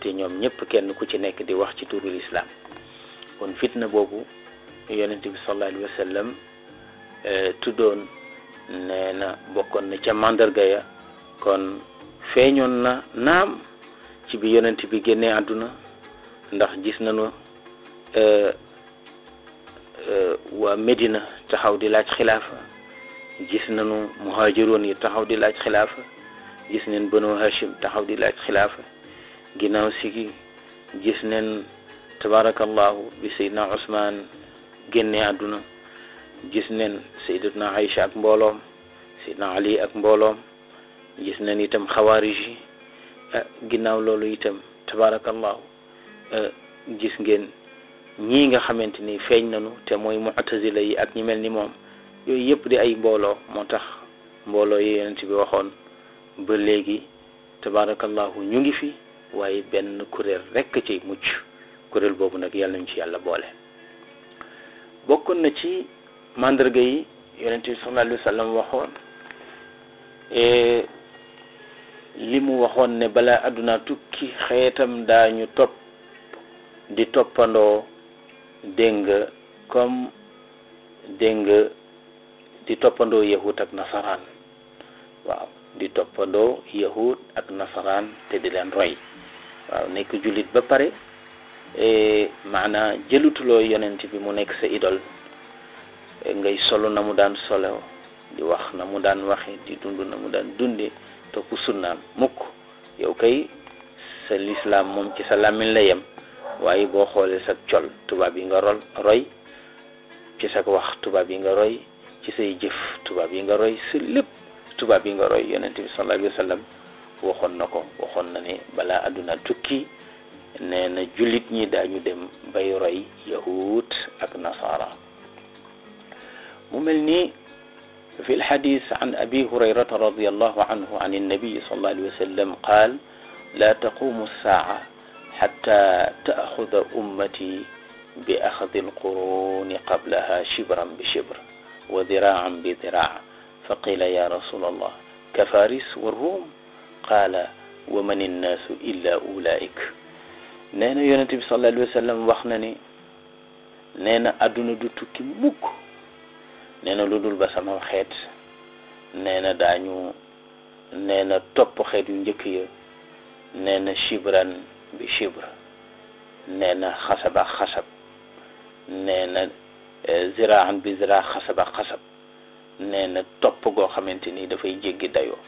te ñoom ñëpp kenn ku ci nekk di wax ci turu islam kon fitna boobu yonente bi sal alai wasallam eh, tuddoon nee na bokkoon na ca mandarga ya kon feeñoon na naam ci bi yonente bi génnee àdduna ndax gis nanu eh, waa Medina taxaw di laaj xilaafa gis nañu muhaajiroon yi taxaw di laaj xilaafa gis neen Banu Hashim taxaw di laaj xilaafa ginnaaw si gi gis neen tabarakallahu bi Seydina Ousmane génnee àdduna gis neen Seydatuna Aïcha ak mbooloom Seydina Ali ak mbooloom gis neen itam xawaarij yi ginnaaw loolu itam tabarakallahu gis ngeen ñii nga xamante ni feeñ nañu te mooy mu mu'tazila yi ak ñi mel ni moom yooyu yëpp di ay mbooloo moo tax mbooloo yi yonent bi waxoon ba léegi tabaarakallahu ñu ngi fi waaye benn kuréel rekk ci mucc kuréel boobu nag yàlla nañu ci yàlla boole bokkoon na ci màndarga yi yonent bi sallallahu alayhi wa waxoon e, li mu waxoon ne balaa àdduna tukki xeetam ñu topp di toppandoo dégg nga comme dégg nga di toppandoo yahut ak nasaraan waaw di toppandoo yahut ak nasaraan te di leen roy waaw nekk jullit ba pare e, maanaa jëlutuloo yonent bi mu nekk sa idol e, ngay solo na mu daan solo di wax na mu daan waxe di dund na mu daan dunde topp sunnaam mukk yow kay sa lislaam moom ci sa làmmiñ la yem waaye boo xoolee sa col tuba bi nga roy ci sa wax tuba bi nga roy ci say jëf tuba bi nga roy si lépp tuba bi nga roy yonent bi sallallahu alayhi wa sallam waxoon na ko waxoon na ne bala aduna tukki nee na jullit ñi daañu dem bay roy yahut ak nasara mu mel ni في الحديث عن أبي هريرة رضي الله عنه عن النبي صلى الله عليه وسلم قال لا تقوم الساعة حتى تأخذ أمتي بأخذ القرون قبلها شبرا بشبر وذراعا بذراع فقيل يا رسول الله كفارس والروم قال ومن الناس إلا أولئك نينا يونتي صلى الله عليه وسلم وخنني نانا أدون دوتك موك نينا لدول بسما خيت نينا دانيو نانا توب خيت نانا شبرا bi chibre nee na xasaba xasab nee na eh, ziraan bi zira xasaba xasab nee topp goo xamante ni dafay jéggi dayoo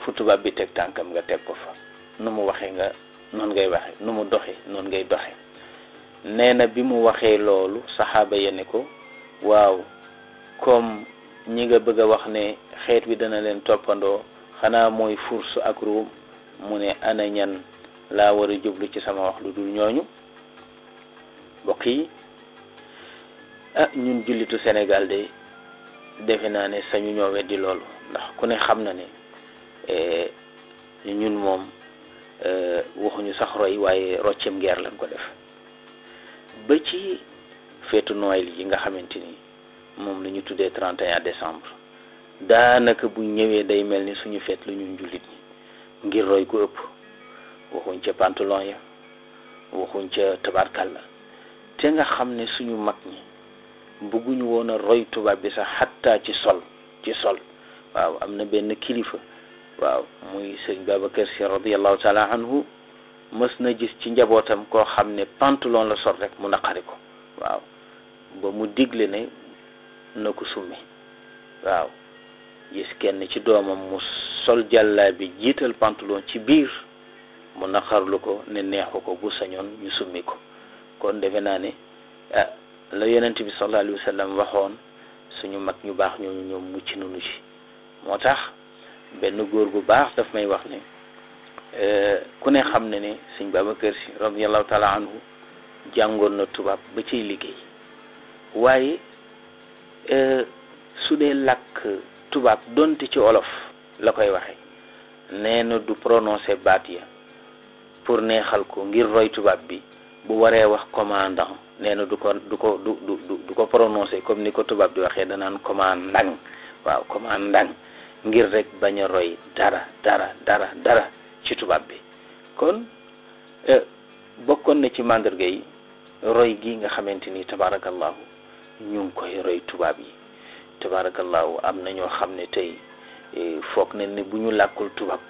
fu tubaab bi teg tànkam nga teg ko fa nu mu waxee nga noonu ngay waxe nu mu doxe noonu ngay doxe nee na bi mu waxee loolu saxaaba ya ne ko waaw comme ñi nga bëgg a wax ne xeet wi dana leen toppandoo xanaa mooy furs ak ruum mu ne ana laa war a jublu ci sama wax lu dul ñooñu mbokk yi ah ñun jullitu Sénégal de defe naa ne sañu ñoo weddi loolu ndax ku ne xam na ne eh, ñun moom eh, waxuñu sax roy waaye roccem ngeer lañ ko def ba ci feetu Noël yi nga xamante moom lu ñu tuddee 31 décembre daanaka bu ñëwee day mel ni suñu feet lu ñun jullit ñi ngir roy ku ëpp waxuñ ca pantalon ya waxuñ ca tabarkalla te nga xam ne suñu mag ñi bëgguñu woon a roy tubaab bi sax xattaa ci sol ci sol waaw am na benn kilifa waaw muy sëñ Babacar Si radiallahu taala anhu mës na gis ci njabootam koo xam ne pantalon la sol rek mu naqari ko waaw ba mu digle ne na ko summi waaw gis kenn ci doomam mu sol jàllaa bi jiital pantalon ci biir mu naqarlu ko ne neexu ko bu sañoon ñu summi ko kon defe naa ne ah la yonent bi sallallahu alayhi wa sallam waxoon suñu mag ñu baax ñooñu ñoom mucc nañu ci moo tax benn góor gu baax daf may wax ne eh, ku ne xam ne ne sëñ kër Si radiyallahu taala anhu jàngoon na tubaab ba ciy liggéey waaye eh, su dee lakk tubaab donte ci olof la koy waxe nee na du prononcer baat ya pour neexal ko ngir roy tubaab bi bu waree wax commandant nee na du ko du ko du du du ko prononcé comme ni ko tubaab di waxee danaan commandant waaw commandant ngir rek bañ a roy dara dara dara dara ci tubaab bi kon euh, bokkoon na ci màndarga yi roy gi nga xamante ni tabaarakallaahu ñu ngi koy roy tubaab yi tabaarakallaahu am na ñoo xam ne tey euh, foog nañ ne bu ñu làkkul tubaab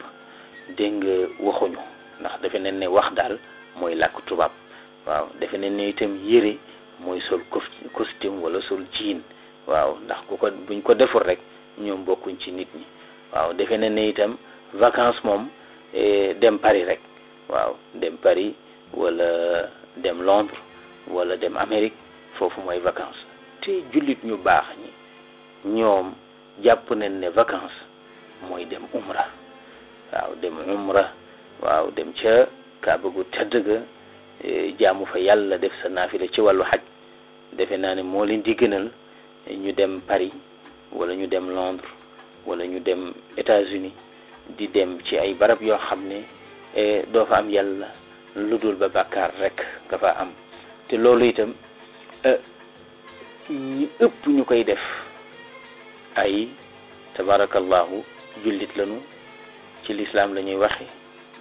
dégg nga waxuñu ndax defe nañ ne wax daal mooy làkk tubaab waaw defe nañ ne itam yére mooy sol costume wala sol jiin waaw ndax ku ko buñ ko deful rek ñoom bokkuñ ci nit ñi waaw defe nañ ne itam vacances moom eh, dem Paris rek waaw dem Paris wala dem Londres wala dem Amérique foofu mooy vacances te jullit ñu baax ñi ñoom jàpp nañ ne vacances mooy dem umra waaw dem umra waaw dem ca kaaba gu tedd ga e, jaamu fa yàlla def sa naafila ci wàllu xaj defe naa ne moo leen di gënal ñu dem Paris wala ñu dem Londres wala ñu dem États-Unis di dem ci ay barab yoo xam ne e, doo fa am yàlla lu dul ba bàkkaar rek nga fa am te loolu itam e, ñi ëpp ñu koy def ay tabarakallahu jullit lañu ci lislaam la ñuy waxe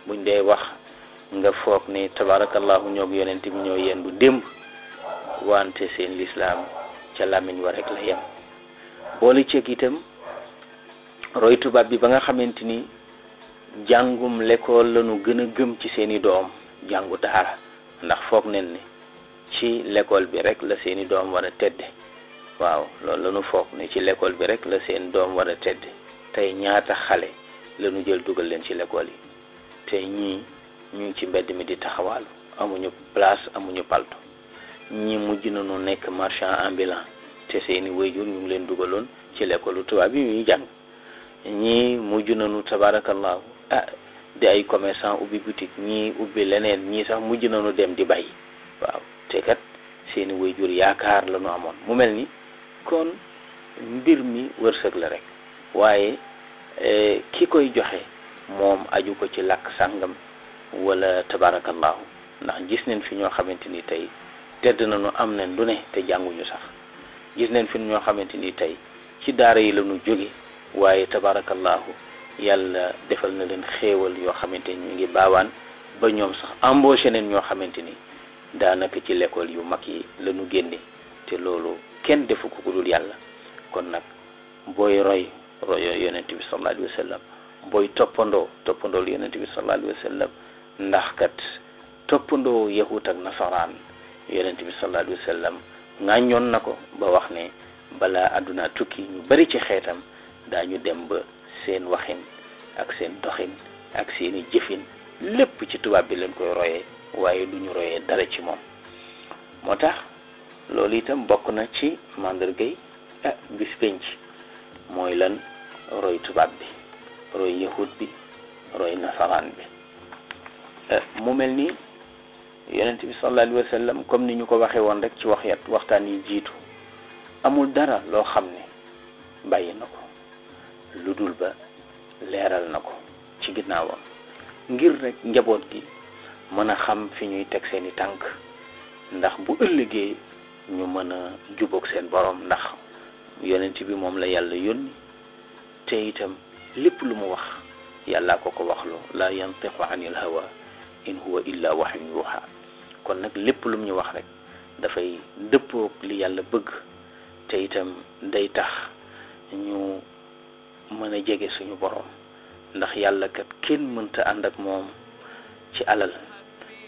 buñ dee wax nga foog ni tabarakallahu ñoog yonent bi ñoo yendu démb wante seen lislaam ca làmmiñ wa rek la yem boole ceeg itam roy tubaab bi ba nga xamante ni jàngum l'école lañu gën a gëm ci seeni doom jàngu daara ndax foog nen ni ci l'école bi rek la seeni doom war a tedde waaw loolu lañu foog ne ci lekool bi rek la seen doom war a tedde tey ñaata xale lañu jël dugal leen ci l'école yi te ñii ñu ngi ci mbedd mi di taxawaalu amuñu place amuñu palto ñii mujj nañu nekk marchand ambulant te seeni wayjur ñu ngi leen dugaloon ci lekkoolu tubaab yi ñuy jàng ñii mujj nañu tabaarakallaahu ah di ay commerçant ubbi boutique ñii ubbi leneen ñii sax mujj nañu dem di bay waaw te kat seeni wayjur yaakaar la ñu amoon mu mel ni kon mbir mi wërsëg la rek waaye eh, ki koy joxe moom aju ko ci làkk sàngam walla tabaarakallaahu ndax gis neen fi ñoo xamante ni tey tedd nañu am na du ne te jànguñu sax gis neen fi ñoo xamante ni tey ci daara yi la ñu jóge waaye tabaarakallaahu yàlla defal na leen xéewal yoo xamante ni ñu ngi baawaan ba ñoom sax embauché nañ ñoo xamante ni daanaka ci lekkool yu mag yi la génne te loolu kenn defu ko ku dul yàlla kon nag booy roy roy yonent bi sallallahu alayhi booy toppandoo toppandoo lu yonent bi sallallahu alayhi wa sallam ndax kat toppandoo yahut nasaraan yonent bi sallallahu alayhi wa na ko ba wax ne balaa àdduna tukki ñu bari ci xeetam daañu dem ba seen waxin ak seen doxin ak seeni jëfin lépp ci tubaab bi leen koy royee waaye du ñu royee dara ci moom moo tax loolu itam bokk na ci màndargay ah bis penc mooy lan roy tubaab bi roy yahud bi roy nasaraan bi eh, mu mel ni yonent bi sallallahu alayhi wa comme ni ñu ko waxee woon rek ci wax waxtaan yi jiitu amul dara loo xam ne bàyyi na ko lu dul ba leeral na ko ci ginnaawam ngir rek njaboot gi mën a xam fi ñuy teg seeni tànk ndax bu ëllëgee ñu mën a jubóog seen boroom ndax yonent bi moom la yàlla yónni te itam lépp lu mu wax yàllaa ko ko waxloo laa yantiqu anil hawa in huwa illa waxyun yuuxa kon nag lépp lu mu ñu wax rek dafay dëppoog li yàlla bëgg te itam day tax ñu mën a jege suñu boroom ndax yàlla kat kenn mënta ànd ak moom ci alal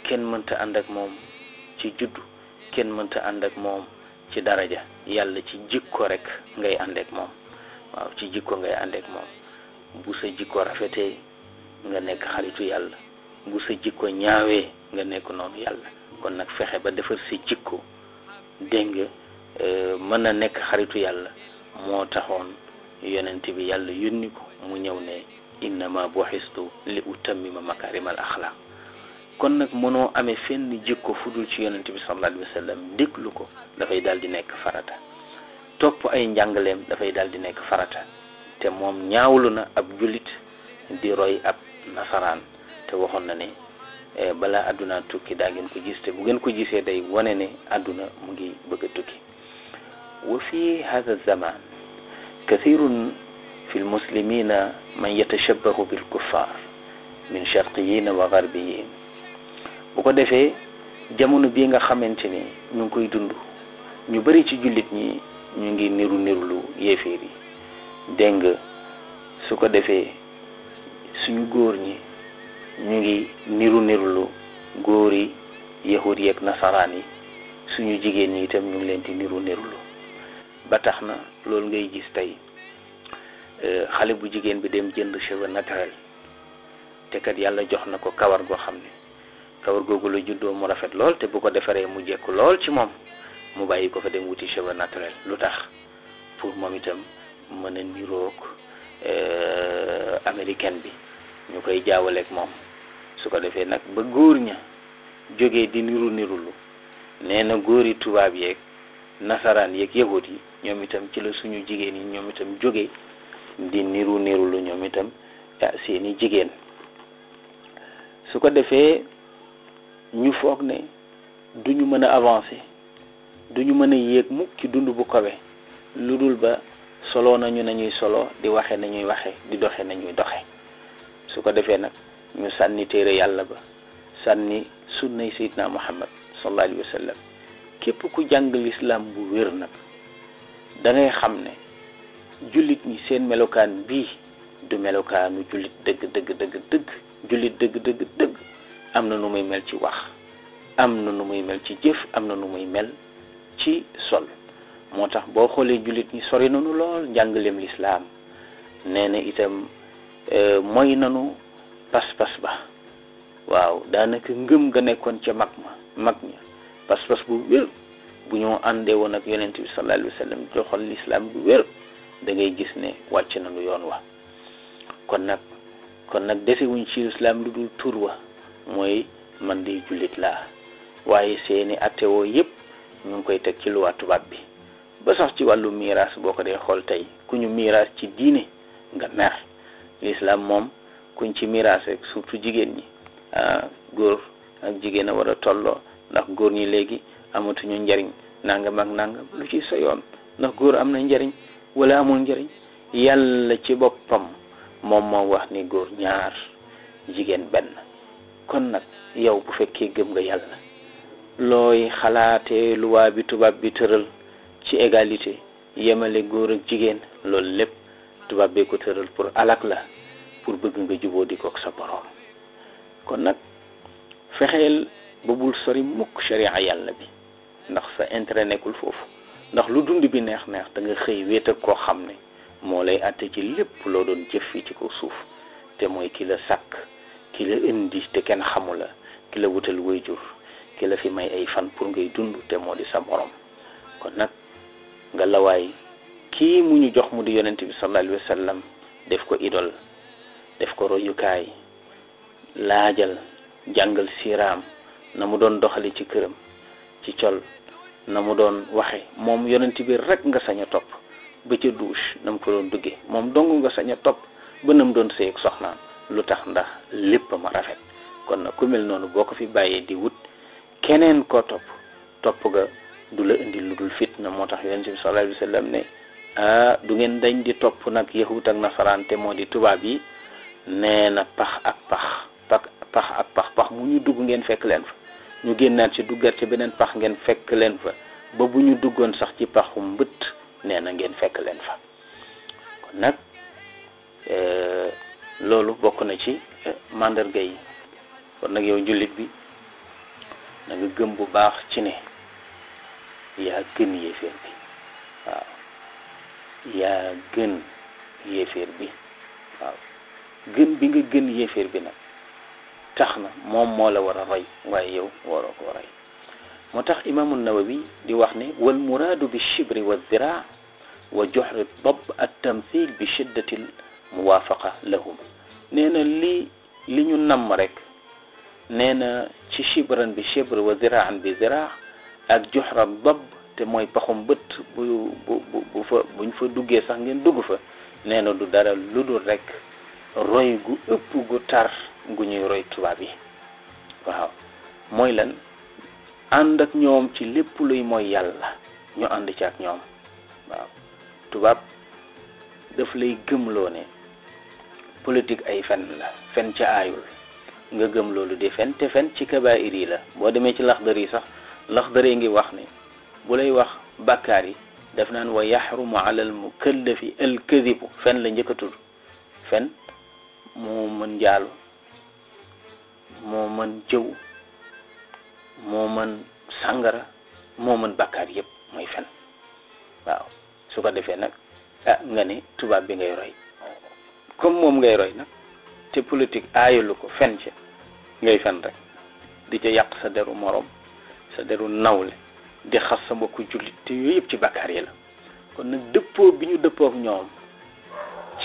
kenn mënta ànd ak moom ci juddu kenn mënta ànd ak moom ci daraja yàlla ci jikko rek ngay àndeek moom waaw ci jikko ngay àndeek moom bu sa jikko rafetee nga nekk xaritu yàlla bu sa jikko ñaawee nga nekk noonu yàlla kon nag fexe ba defar si jikko dégg nga euh, mën a nekk xaritu yàlla moo taxoon yonent bi yàlla yónni ko mu ñëw ne innama buxistu li utammima makarimal axlaaq kon nag mënoo amee fenn jikko fu dul ci yonent bi sallallahu alayhi wa sallam ko dafay daal di nekk farata topp ay njàngaleem dafay daal di nekk farata te moom ñaawlu na ab julit di roy ab nasaraan te waxoon na ne eh, bala aduna tukki daa ngeen ko gis te bu ngeen ko gisee day wane ne aduna mu ngi bëgg a tukki wa fi hada zaman kathirun fi lmuslimina man yatashabahu bilkuffar min sharqiyina wa garbiyin bu ko defee jamono bii nga xamante ne ñu ngi koy dund ñu bari ci jullit ñi ñu ngi niru nirulu yéeféer yi dégg nga su ko defee suñu góor ñi ñu ngi niru nirulu góor yi yahud yeeg nasaraan yi suñu jigéen ñi itam ñu ngi leen di niru nirulu ba tax na loolu ngay gis tey euh, xale bu jigéen bi dem jënd cheveux naturel te kat yàlla jox na ko kawar goo xam ne kawar googu la juddoo mu rafet lool te bu ko defaree mu jekk lool ci moom mu bàyyi ko fa dem wuti cheveux naturel lu tax pour moom itam mën a niroog euh, américaine bi ñu koy jaawaleeg moom su ko defee nag ba góor ña jóge di niru nirulu nee na góori tubaab yeeg nasaraan yeeg yahut yi ñoom itam ci la suñu jigéen yi ñoom itam jógee di niru nirulu ñoom itam ah, seeni jigéen su ko defee ñu foog ne duñu mën a avancer duñu mën a yéeg mu ci dund bu kawe lu dul ba soloo nañu nañuy solo di waxe nañuy waxe di doxe nañuy doxe su ko defee nag ñu sànni téere yàlla ba sànni sunnay na muhammad sallallahu alayhi wa sallam képp ku jàng lislaam bu wér nag da xam ne jullit ñi seen melokaan bii du melokaanu jullit dëgg dëgg dëgg dëgg jullit dëgg dëgg dëgg am na nu muy mel ci wax am na nu muy mel ci jëf am na nu muy mel ci sol moo tax boo xoolee jullit ñi sori nanu lool njàngaleem lislaam nee na itam e, mooy nanu pas-pas ba waaw daanaka ngëm nga nekkoon ca mag ma mag ña pas-pas bu wér bu ñoo àndee woon ak yonent bi sallallahu alayhi wa sallam joxoon lislaam bu wér da ngay gis ne wàcc nanu yoon wa kon nag kon nag desewuñ ci lislaam lu dul tur wa mooy man di jullit laa waaye seeni attewoo yëpp ñu ngi koy teg ci luwaa tubaab bi ba sax ci wàllu miraas boo ko dee xool tey ku ñu miraas ci diine nga mer lislaam moom kuñ ci miraas rek surtout jigéen ñi ah, góor ak jigéen a war a tolloo ndax góor ñi léegi amatuñu njariñ nangam ak nangam lu ci sa yoon ndax góor am na njariñ wala amul njariñ yàlla ci boppam moom moo wax ni góor ñaar jigéen benn kon nag yow bu fekkee gëm nga yàlla looy xalaatee luwaa tubaab bi tëral ci égalité yemale góor ak jigen lol lépp tuba be ko teural pour alak la pour bëgg nga juboo di ak sa borom kon nak fexel bu bul sori mukk sharia yàlla bi ndax sa intérêt nekul fofu ndax lu dund bi neex neex da nga xëy wéet ko xamné mo lay atte ci lépp lo doon jëf fi ci ko suuf te moy ki la sak ki la indi te ken xamula ki la wutal wayjur ki la fi may ay fan pour ngay dund te modi sa borom kon nak nga laway ki mu ñu jox mu di yonent bi sallallahu alayhi wasallam def ko idol def ko lajal, laajal jàngal siiraam na mu doon doxali ci kërëm ci ciol na mu doon waxe moom yonent bi rek nga saña top ba ca douche nam ko doon duggé moom dong nga saña top ba nam doon soxna lu ndax lepp ma rafet kon na ku mel nonu boko fi bàyyee di wut keneen ko top top ga du la indi lu fitna motax tax yonente sallallahu alayhi wasallam ne ah du ngeen dañ di top nak yahut ak nasaran te modi tuba bi neena na pax ak pax pax pax ak pax pax mu ñu dugg ngeen fekk leen fa ñu gennat ci duggaat ci benen pax ngeen fekk leen fa ba bu ñu duggoon sax ci paxu mbeut neena ngeen fekk leen fa kon euh lolu bokku na ci mandar gay kon nak yow julit bi na nga gëm bu baax ci ne yaa gën yéeféer bi waaw yaa gën yéeféer bi waaw gën bi nga gën yéeféer bi nag tax na moom moo la war a roy waaye yow waroo koo roy moo tax imaamu nawawi di wax ne wal muraadu bi shibri wa ziraa wa joxri bob at tamsil bi shiddati muwaafaqa lahum nee na li li ñu namm rek nee na ci shibran bi shibr wa ziraan bi ziraa ak joxra dab te mooy paxum bët bu bu bu fa buñ fa duggee sax ngeen dugg fa nee na du dara lu dul rek roy gu ëpp gu tar gu ñuy roy tubaab yi waaw mooy lan ànd ak ñoom ci lépp luy mooy yàlla ñu ànd ci ak ñoom waaw tubaab daf lay gëmloo ne politique ay fen la fen ci aayul nga gëm loolu di fen te fen ci kabaayir yi la boo demee ci laxdar yi sax laxdari ngi wax ni bu lay wax bakkaar yi daf naan wa yaxrumu alal mukallafi alkadibu fen la njëkk tudd fen moo mën njaalu moo mën jëw moo mën sàngara moo mën bàkkaar yépp mooy fen waaw su ko defee nag ah nga ne tubaab bi ngay roy comme moom ngay roy nag te politique aayalu ko fen ca ngay fen rek di ca yàq sa deru moroom sa deru nawle di xas sa mbokku jullit te yooyu yëpp ci bàkkaar yi la kon nag dëppoo bi ñu dëppook ak ñoom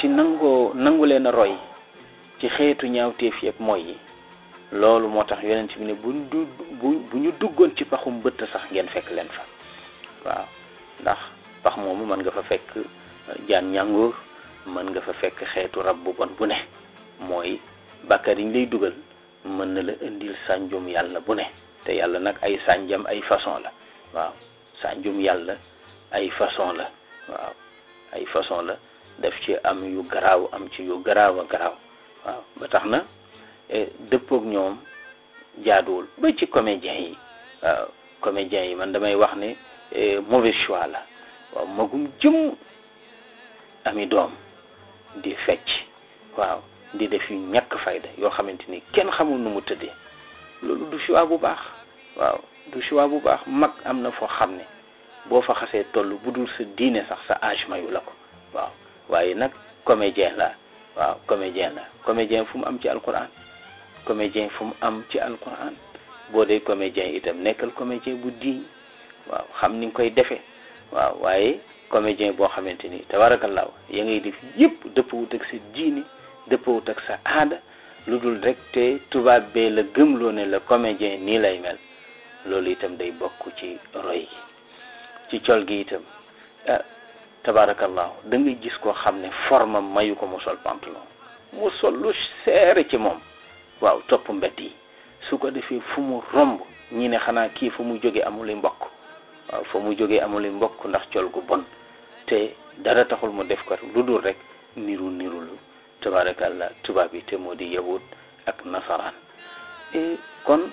ci nangoo nangu leen a roy ci xeetu ñaawteef yëpp mooy yi loolu moo tax yonent bi ne buñ du bu ñu duggoon ci paxum bëtt sax ngeen fekk leen fa waaw ndax pax moomu mën nga fa fekk uh, jaan ñàngoor mën nga fa fekk xeetu rab bu bon bu ne mooy bàkkaar yi lay dugal mën na la indil sànjum yàlla bu ne te yàlla nag ay sanjam ay façon la waaw sànjum yàlla ay façon la waaw ay façon la def ci am yu garaaw am ci yu garaaw a garaaw waaw ba tax na eh, dëppook ñoom jaaduwul ba ci comédien yi waaw comédien yi man damay wax ni eh, mauvais choix la waaw magum jëm ami doom di fecc waaw di def yu ñàkk fayda yoo xamante ni kenn xamul nu mu tëdde loolu du choix bu baax waaw du choix bu baax mag am na foo xam ne boo fa xasee toll bu dul sa diine sax sa âge mayu la ko waaw waaye nag comédien la waaw comédien la comédien fu mu am ci alquran comédien fu mu am ci alquran boo dee comédien itam nekkal comédien bu diiñ waaw xam ni nga koy defee waaw waaye comédien boo xamante ni tabarakallaahu ya ngay def yëpp dëppawut ak sa diine dëppawut ak sa aada lu dul rek te tubaab bee la gëmloo ne la comédien nii lay mel loolu itam day bokk ci roy ci col gi itam ah tabaarakallaahu da gis koo xam ne formam mayu ko mu sol pantalon mu sol lu seere ci moom waaw topp mbett yi su ko defee fu mu romb ñi ne xanaa kii fu mu jóge amul mbokk waaw fu mu jógee amul mbokk ndax col gu bon te dara taxul mu def ko lu dul rek niru nirulu tabarakallah tubaab yi te moo di yahud ak nasaraan kon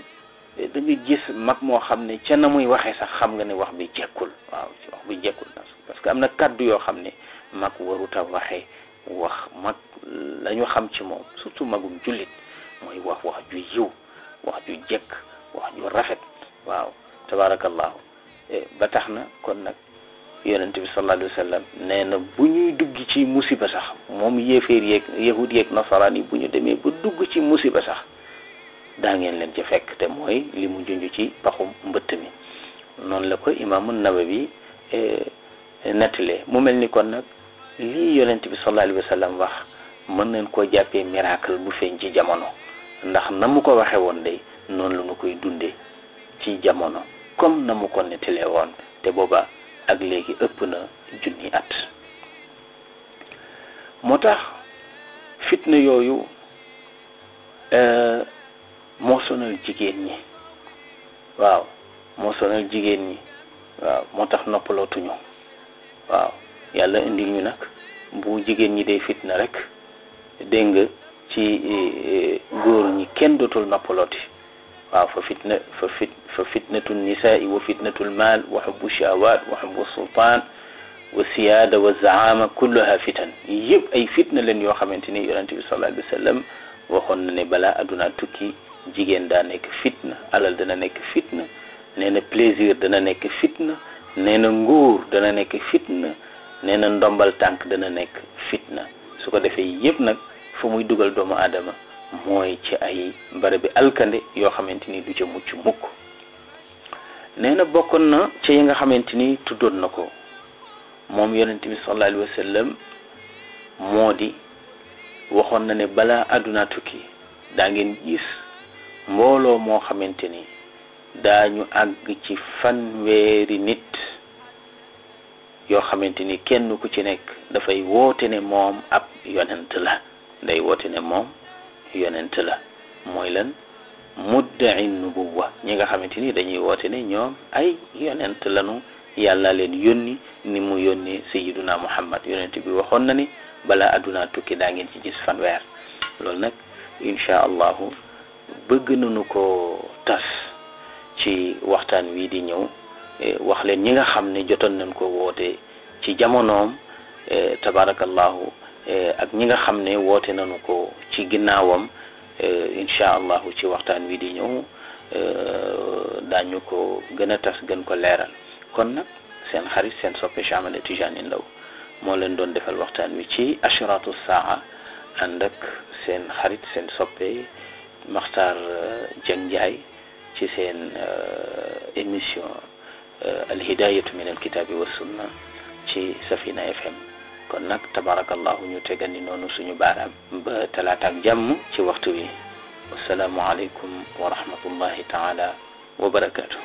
da gis mag moo xam ne cen na muy waxee sax xam nga ne wax bi jekkul waaw jekkul parce que am na kàddu yoo xam ne mag waruta waxee wax mag la ñu xam ci moom surtout magum julit mooy wax wax ju yiw wax ju jekk wax ju rafet waaw tabarakallahu ba tax na kon nag yonent bi sallallahu alayhi wa nee na bu ñuy dugg ci musiba sax moom yéeféer yeeg yahud yeeg nasaraan yi bu ñu demee ba dugg ci musiba sax daa ngeen leen ci fekk te mooy li mu junj ci paxum mbëtt mi noonu la ko imaamu Nawawi eh, nettalee mu mel ni kon nag lii yonent bi sallallahu wax mën nañ koo jàppee miracle bu feeñ ci jamono ndax na mu ko waxee woon day noonu la koy dundee ci jamono comme na mu ko nettalee woon te booba ak léegi ëpp na junni at moo tax fitna yooyu euh, moo sonal jigéen ñi waaw moo sonal jigéen ñi waaw moo tax noppalootuñu waaw yàlla indil ñu nag bu jigéen ñi dee fitna rek dégg nga ci euh, góor ñi kenn dootul noppalooti waaw fa fitna fa fit fa fitnatu nisaai wa fitnatu lmaal wa xubbu shahawaat wa xubbu sultaan wa siyaada wa zaama kulluha fitan yëpp ay fitna leen yoo xamante ni yonente bi sallallahu alayhi wa sallam waxoon na ne balaa addunaa tukki jigéen daa nekk fitna alal dana nekk fitna nee na plaisir dana nekk fitna nee na nguur dana nekk fitna nee na ndombal tànk dana nekk fitna su ko defee yëpp nag fu muy dugal doomu aadama mooy ci ay barabi alkande yoo xamante ni du ca mucc mukk nee na bokkoon na ca yi nga xamante ni tuddoon na ko moom yonente bi sal allah wasallam moo di waxoon na ne balaa adduna tukki daa ngeen gis mbooloo moo xamante ni daañu àgg ci fanweeri nit yoo xamante ni kenn ku ci nekk dafay woote ne moom ab yonent la day woote ne moom yonent la mooy lan muddain nubuwa ñi nga xamante ni dañuy woote ne ñoom ay yonent lanu yàlla leen yónni ni mu yónni sayiduna muhammad yonent bi waxoon na ni balaa addunaa tukki daa ngeen ci gis fanweer loolu nag incha allahu bëgg nañu ko tas ci waxtaan wii di ñëw e, wax leen ñi nga xam ne jotoon nañ ko woote ci jamonoom e, tabarakallahu Eh, ak ñi nga xam ne woote nañu ko ci ginnaawam eh, incha allahu ci waxtaan wi di ñëw eh, dañu ko gën a tas gën ko leeral kon nag seen xarit seen soppe Cheikh Ahmed Tidiane ndaw moo leen doon defal waxtaan wi ci ashratu saa ànd ak seen xarit seen soppe Makhtar Dieng Ndiaye ci seen émission alhidayatu min alkitabi wa sunna ci Safina FM kon nak tabarakallahu ñu tegandi nonu suñu baram ba talata ak jàmm ci waxtu wi assalamu alaykum wa rahmatullahi taala wa barakatuh